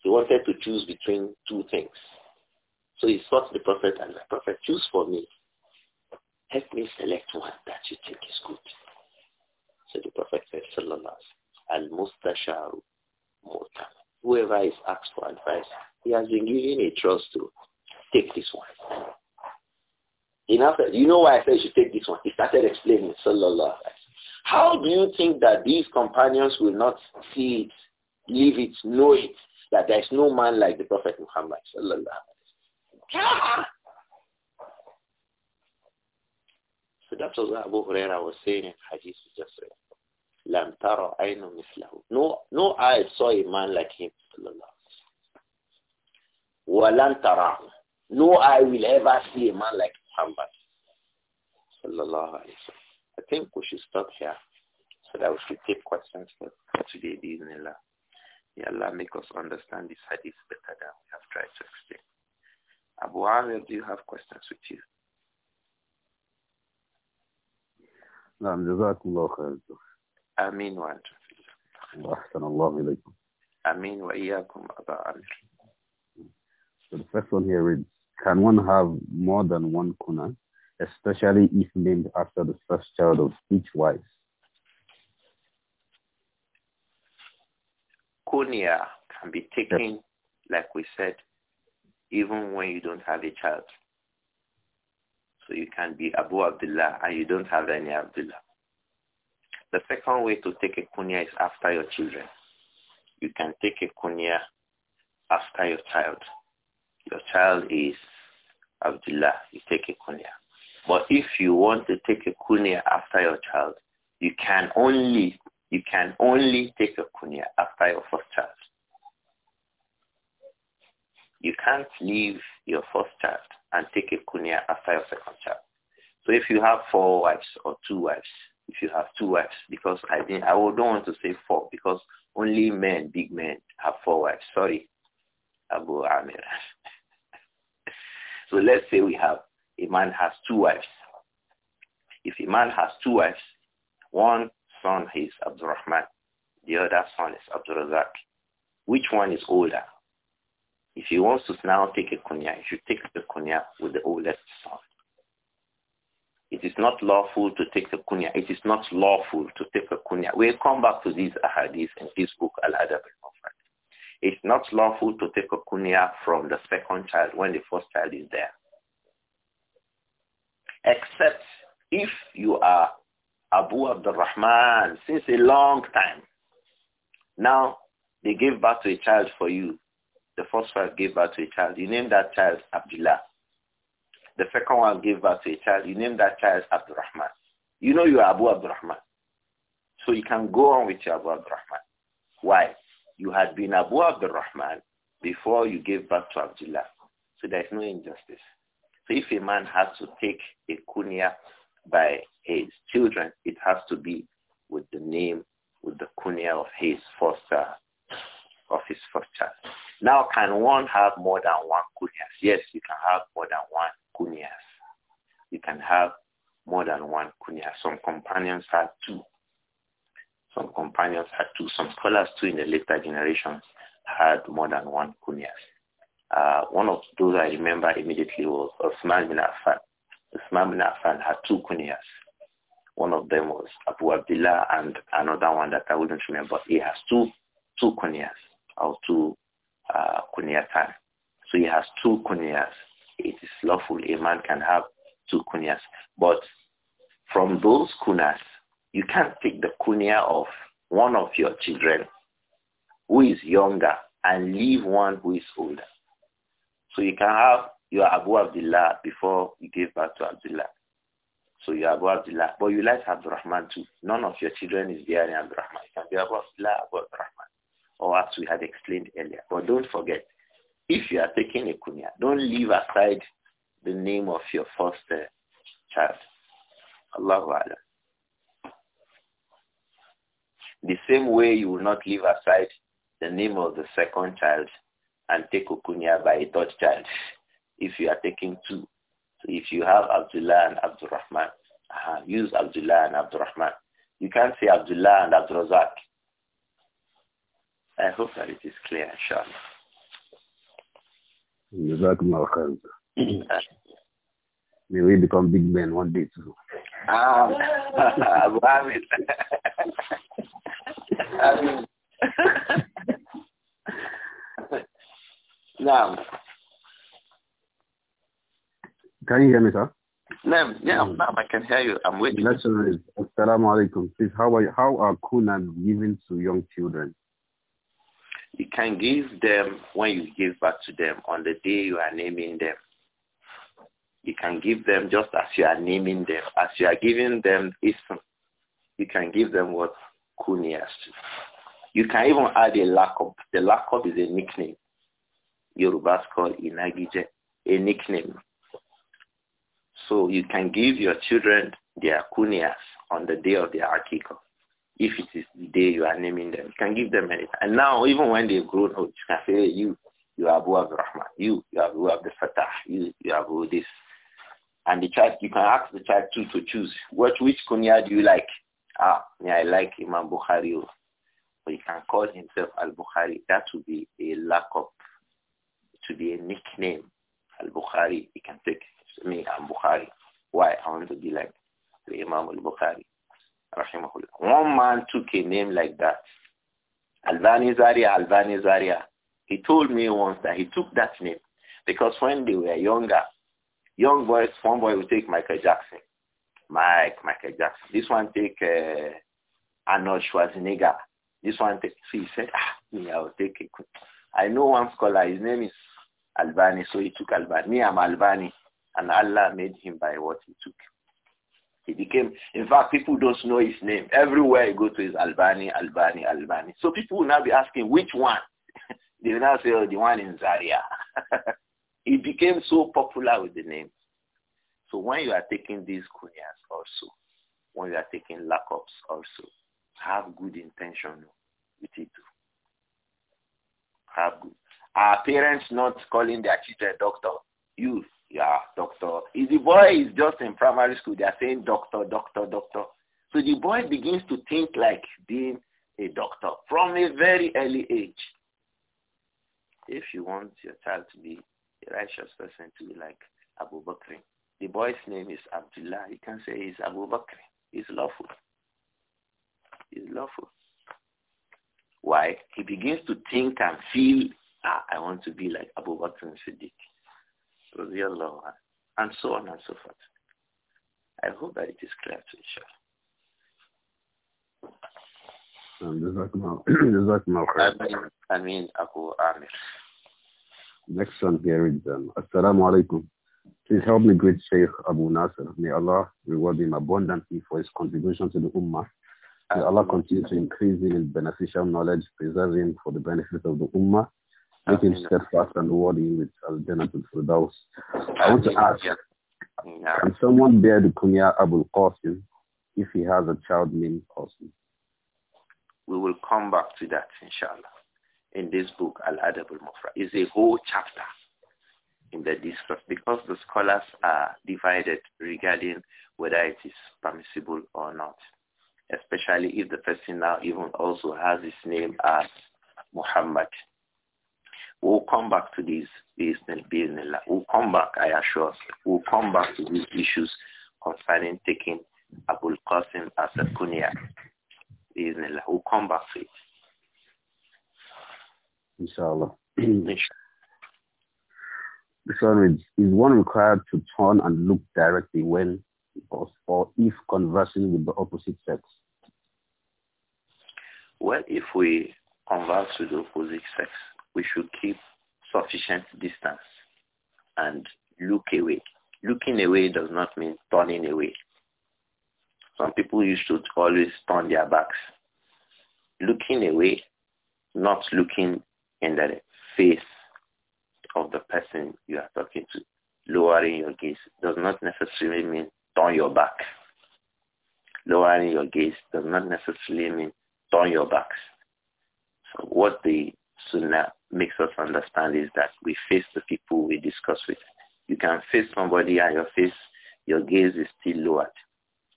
He wanted to choose between two things. So he sought the prophet and the prophet, choose for me. Help me select one that you think is good. So the prophet said, sallallahu Al-Mustasharu Whoever is asked for advice, he has been given a trust to take this one. In now you know why I said you should take this one? He started explaining, sallallahu How do you think that these companions will not see it, leave it, know it, that there is no man like the Prophet Muhammad, sallallahu So that was what Abu Huraira was saying in Hadith just read. لم ترى عين مثله no no eye saw a man like him ولن ترى no eye will ever see a man like Muhammad صلى الله عليه وسلم I think we should stop here so that we should take questions for today بإذن May Allah make us understand this hadith better than we have tried to explain. Abu Amir, do you have questions with you? نعم جزاكم الله خير آمين وأنتم أحسن الله إليكم آمين وإياkum أبا عامر So the first one here reads, can one have more than one kuna, especially if named after the first child of each wife? Kunya can be taken, yes. like we said, even when you don't have a child. So you can be Abu Abdullah and you don't have any Abdullah. The second way to take a kunya is after your children. You can take a kunya after your child. Your child is Abdullah. You take a kunya. But if you want to take a kunya after your child, you can only you can only take a kunya after your first child. You can't leave your first child and take a kunya after your second child. So if you have four wives or two wives, if you have two wives because I I don't want to say four because only men, big men, have four wives. Sorry, Abu Amir. so let's say we have a man has two wives. If a man has two wives, one son is Abdurrahman, the other son is Abdurrazak. Which one is older? If he wants to now take a kunya, he should take the kunya with the oldest son. It is not lawful to take the kunya. It is not lawful to take a kunya. We'll come back to these ahadith in this book, Al-Adab al-Mufrad. It's not lawful to take a kunya from the second child when the first child is there. Except if you are Abu Abdurrahman Rahman since a long time. Now, they gave birth to a child for you. The first wife gave birth to a child. You name that child Abdullah. The second one gave birth to a child. You name that child Abdurrahman. You know you are Abu Abdurrahman. So you can go on with your Abu Abdurrahman. Why? You had been Abu Abdurrahman before you gave birth to Abdullah. So there is no injustice. So if a man has to take a kunya by his children, it has to be with the name, with the kunya of his first, uh, of his first child. Now, can one have more than one kunya? Yes, you can have more than one kunyas. You can have more than one kunya. Some companions had two. Some companions had two. Some scholars too in the later generations had more than one kunyas. Uh, one of those I remember immediately was Osman bin Affan. Osman bin Affan had two kunyas. One of them was Abu Abdullah and another one that I wouldn't remember. He has two two kunyas or two uh, kunyatan. So he has two kunyas it is lawful a man can have two kunyas. But from those kunyas, you can't take the kunya of one of your children who is younger and leave one who is older. So you can have your Abu Abdullah before you give birth to Abdullah. So you Abu Abdullah, but you like Abdurrahman too. None of your children is bearing Abdurrahman. You can be Abu Abdullah, Abu Abdurrahman, or as we had explained earlier. But don't forget, if you are taking a kunya, don't leave aside the name of your first uh, child. Allahu Alam. The same way you will not leave aside the name of the second child and take a kunya by a third child if you are taking two. So if you have Abdullah and Abdurrahman, uh, use Abdullah and Abdurrahman. You can't say Abdullah and Abdurazak. I hope that it is clear, inshallah. Jazakumullah khairan. May we become big men one day too. Um, Abu Hamid. Amin. Naam. Can you hear me, sir? No, yeah, mm. no, I can hear you. I'm waiting. The question Assalamu alaikum. Please, how are, how are kunan given to young children? can give them when you give back to them on the day you are naming them. You can give them just as you are naming them, as you are giving them ism. You can give them what kunyas. You can even add a lackup. The lackup is a nickname. Yorubas call inagije a nickname. So you can give your children their kunias on the day of their akiko if it is the day you are naming them. You can give them anything. And now, even when they've grown old, oh, you can say, you, you are Abu Abdurrahman, you, you are Abu Abdul you, you are Abu this. And the child, you can ask the child too to choose. What, which kunya do you like? Ah, yeah, I like Imam Bukhari. Or oh. he can call himself Al-Bukhari. That would be a lack of, to be a nickname. Al-Bukhari, He can take me, I'm Bukhari. Why? I want to be like Imam Al-Bukhari. Rahimahullah. One man took a name like that. Albani Zaria, Albani Zaria. He told me once that he took that name because when they were younger, young boys, one boy would take Michael Jackson. Mike, Michael Jackson. This one take uh, Arnold Schwarzenegger. This one take, so he said, ah, me, I will take it. I know one scholar, his name is Albani, so he took Albani. Me, I'm Albani. And Allah made him by what he took. He became, in fact, people don't know his name. Everywhere he go to is Albani, Albani, Albani. So people will now be asking, which one? they will now say, oh, the one in Zaria. he became so popular with the name. So when you are taking these kunyas also, when you are taking lockups also, have good intention with it too. Have good. Are parents not calling their children doctor? Youth yeah, doctor. If the boy is just in primary school, they are saying doctor, doctor, doctor. So the boy begins to think like being a doctor from a very early age. If you want your child to be a righteous person, to be like Abu Bakr, the boy's name is Abdullah. You can say he's Abu Bakr. He's lawful. He's lawful. Why? He begins to think and feel, ah, I want to be like Abu Bakr Siddiq radiallahu and so on and so forth. I hope that it is clear to you. Um, I Amir. Next one here is um, Assalamu alaikum. Please help me greet Sheikh Abu Nasser. May Allah reward him abundantly for his contribution to the Ummah. May Allah continue to increase his beneficial knowledge, preserve him for the benefit of the Ummah, Making steadfast and worthy with Al-Janatul I want to ask, can someone bear the kunya Abul Qasim if he has a child named Qasim? We will come back to that, inshallah, in this book, Al-Adab al-Mufra. It's a whole chapter in the discourse because the scholars are divided regarding whether it is permissible or not, especially if the person now even also has his name as Muhammad We'll come back to these business. We'll come back, I assure. us. We'll come back to these issues concerning taking Abul Qasim as a kunya. We'll come back to it. Inshallah. This one is one required to turn and look directly when or if conversing with the opposite sex? Well, if we converse with the opposite sex, we should keep sufficient distance and look away. Looking away does not mean turning away. Some people used to always turn their backs. Looking away, not looking in the face of the person you are talking to. Lowering your gaze does not necessarily mean turn your back. Lowering your gaze does not necessarily mean turn your backs. So what the Sunnah makes us understand is that we face the people we discuss with. You can face somebody and your face, your gaze is still lowered.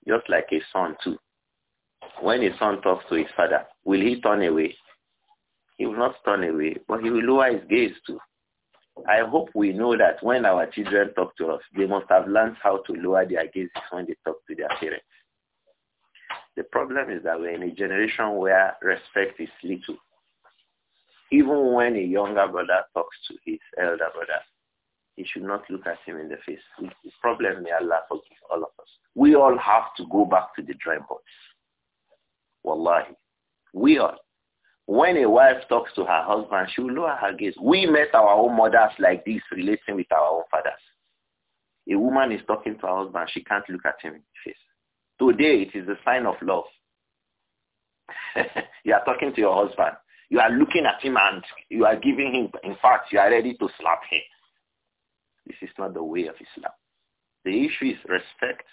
Just like a son too. When a son talks to his father, will he turn away? He will not turn away, but he will lower his gaze too. I hope we know that when our children talk to us, they must have learned how to lower their gaze when they talk to their parents. The problem is that we're in a generation where respect is little even when a younger brother talks to his elder brother, he should not look at him in the face. The problem may Allah forgive all of us. We all have to go back to the drawing board. Wallahi. We all. When a wife talks to her husband, she will lower her gaze. We met our own mothers like this, relating with our own fathers. A woman is talking to her husband, she can't look at him in the face. Today, it is a sign of love. you are talking to your husband. You are looking at him and you are giving him, in fact, you are ready to slap him. This is not the way of Islam. The issue is respect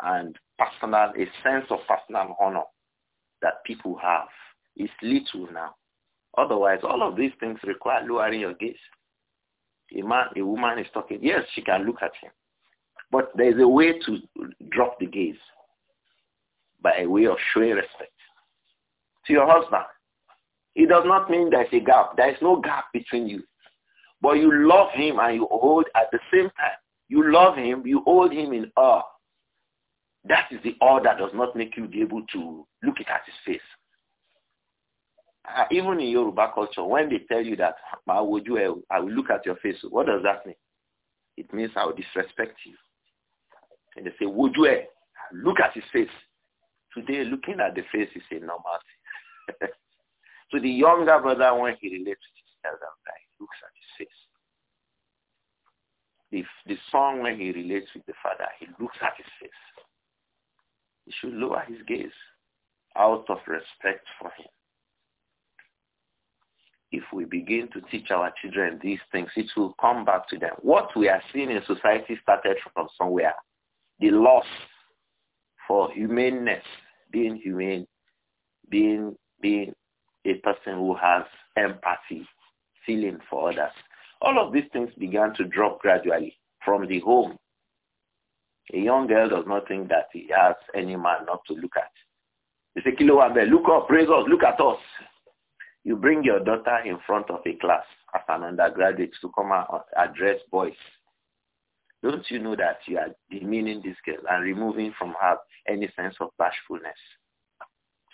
and personal, a sense of personal honor that people have. It's little now. Otherwise, all of these things require lowering your gaze. A man, a woman is talking. Yes, she can look at him. But there is a way to drop the gaze by a way of showing respect to your husband. It does not mean there's a gap. There is no gap between you. But you love him and you hold at the same time. You love him, you hold him in awe. That is the awe that does not make you be able to look it at his face. Uh, even in Yoruba culture, when they tell you that, I will, do, I will look at your face, what does that mean? It means I will disrespect you. And they say, would you uh, look at his face? Today, looking at the face is a normal thing. So the younger brother, when he relates with his elder brother, he looks at his face. If the son, when he relates with the father, he looks at his face. He should lower his gaze out of respect for him. If we begin to teach our children these things, it will come back to them. What we are seeing in society started from somewhere. The loss for humaneness, being humane, being being a person who has empathy, feeling for others. All of these things began to drop gradually from the home. A young girl does not think that he has any man not to look at. It's say, Kilo Wambe, look up, praise us, look at us. You bring your daughter in front of a class as an undergraduate to come and address boys. Don't you know that you are demeaning this girl and removing from her any sense of bashfulness?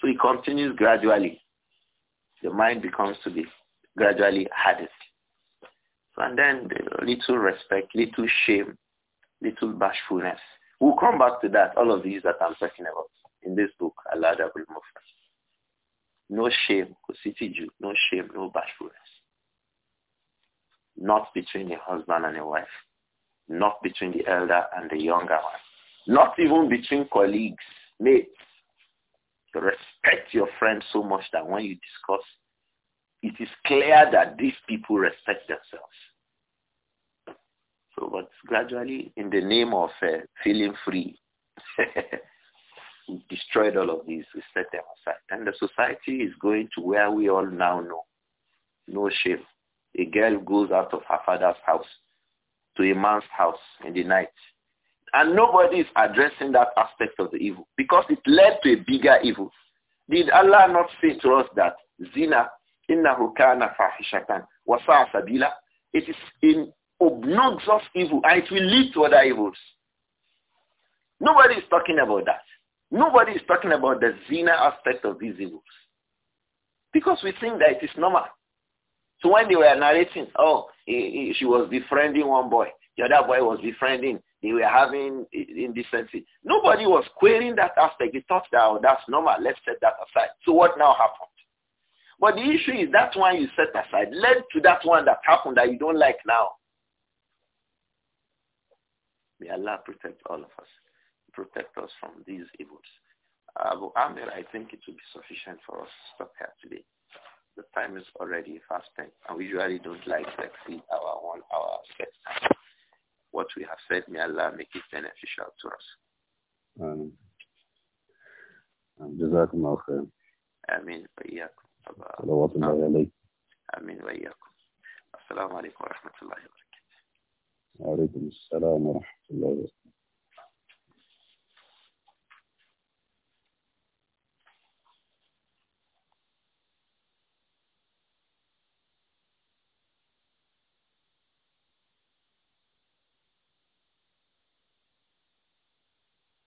So it continues gradually the mind becomes to be gradually hardened. And then the little respect, little shame, little bashfulness. We'll come back to that, all of these that I'm talking about in this book, Allah Abul No shame, Jew, no shame, no bashfulness. Not between a husband and a wife. Not between the elder and the younger one. Not even between colleagues, mates your friend so much that when you discuss, it is clear that these people respect themselves. So, but gradually, in the name of uh, feeling free, we destroyed all of these. We set them aside. And the society is going to where we all now know. No shame. A girl goes out of her father's house to a man's house in the night. And nobody is addressing that aspect of the evil because it led to a bigger evil. Did Allah not say to us that zina innahu kana fahishatan wasaa sabila? It is in obnoxious evil and it will lead to other evils. Nobody is talking about that. Nobody is talking about the zina aspect of these evils. Because we think that it is normal. So when they were narrating, oh, he, he, she was befriending one boy. The other boy was befriending. They were having indecency. Nobody was querying that aspect. They thought that oh, that's normal. Let's set that aside. So what now happened? But the issue is that one you set aside led to that one that happened that you don't like now. May Allah protect all of us. Protect us from these evils. Abu Amir, I think it will be sufficient for us to stop here today. The time is already fast spent, and we usually don't like to exceed our one hour set what we have said, may Allah make it beneficial to us. Um, جزاكم الله خير. آمين وإياكم. صلوات الله عليك. آمين وإياكم. السلام عليكم ورحمة الله وبركاته. وعليكم السلام ورحمة الله وبركاته.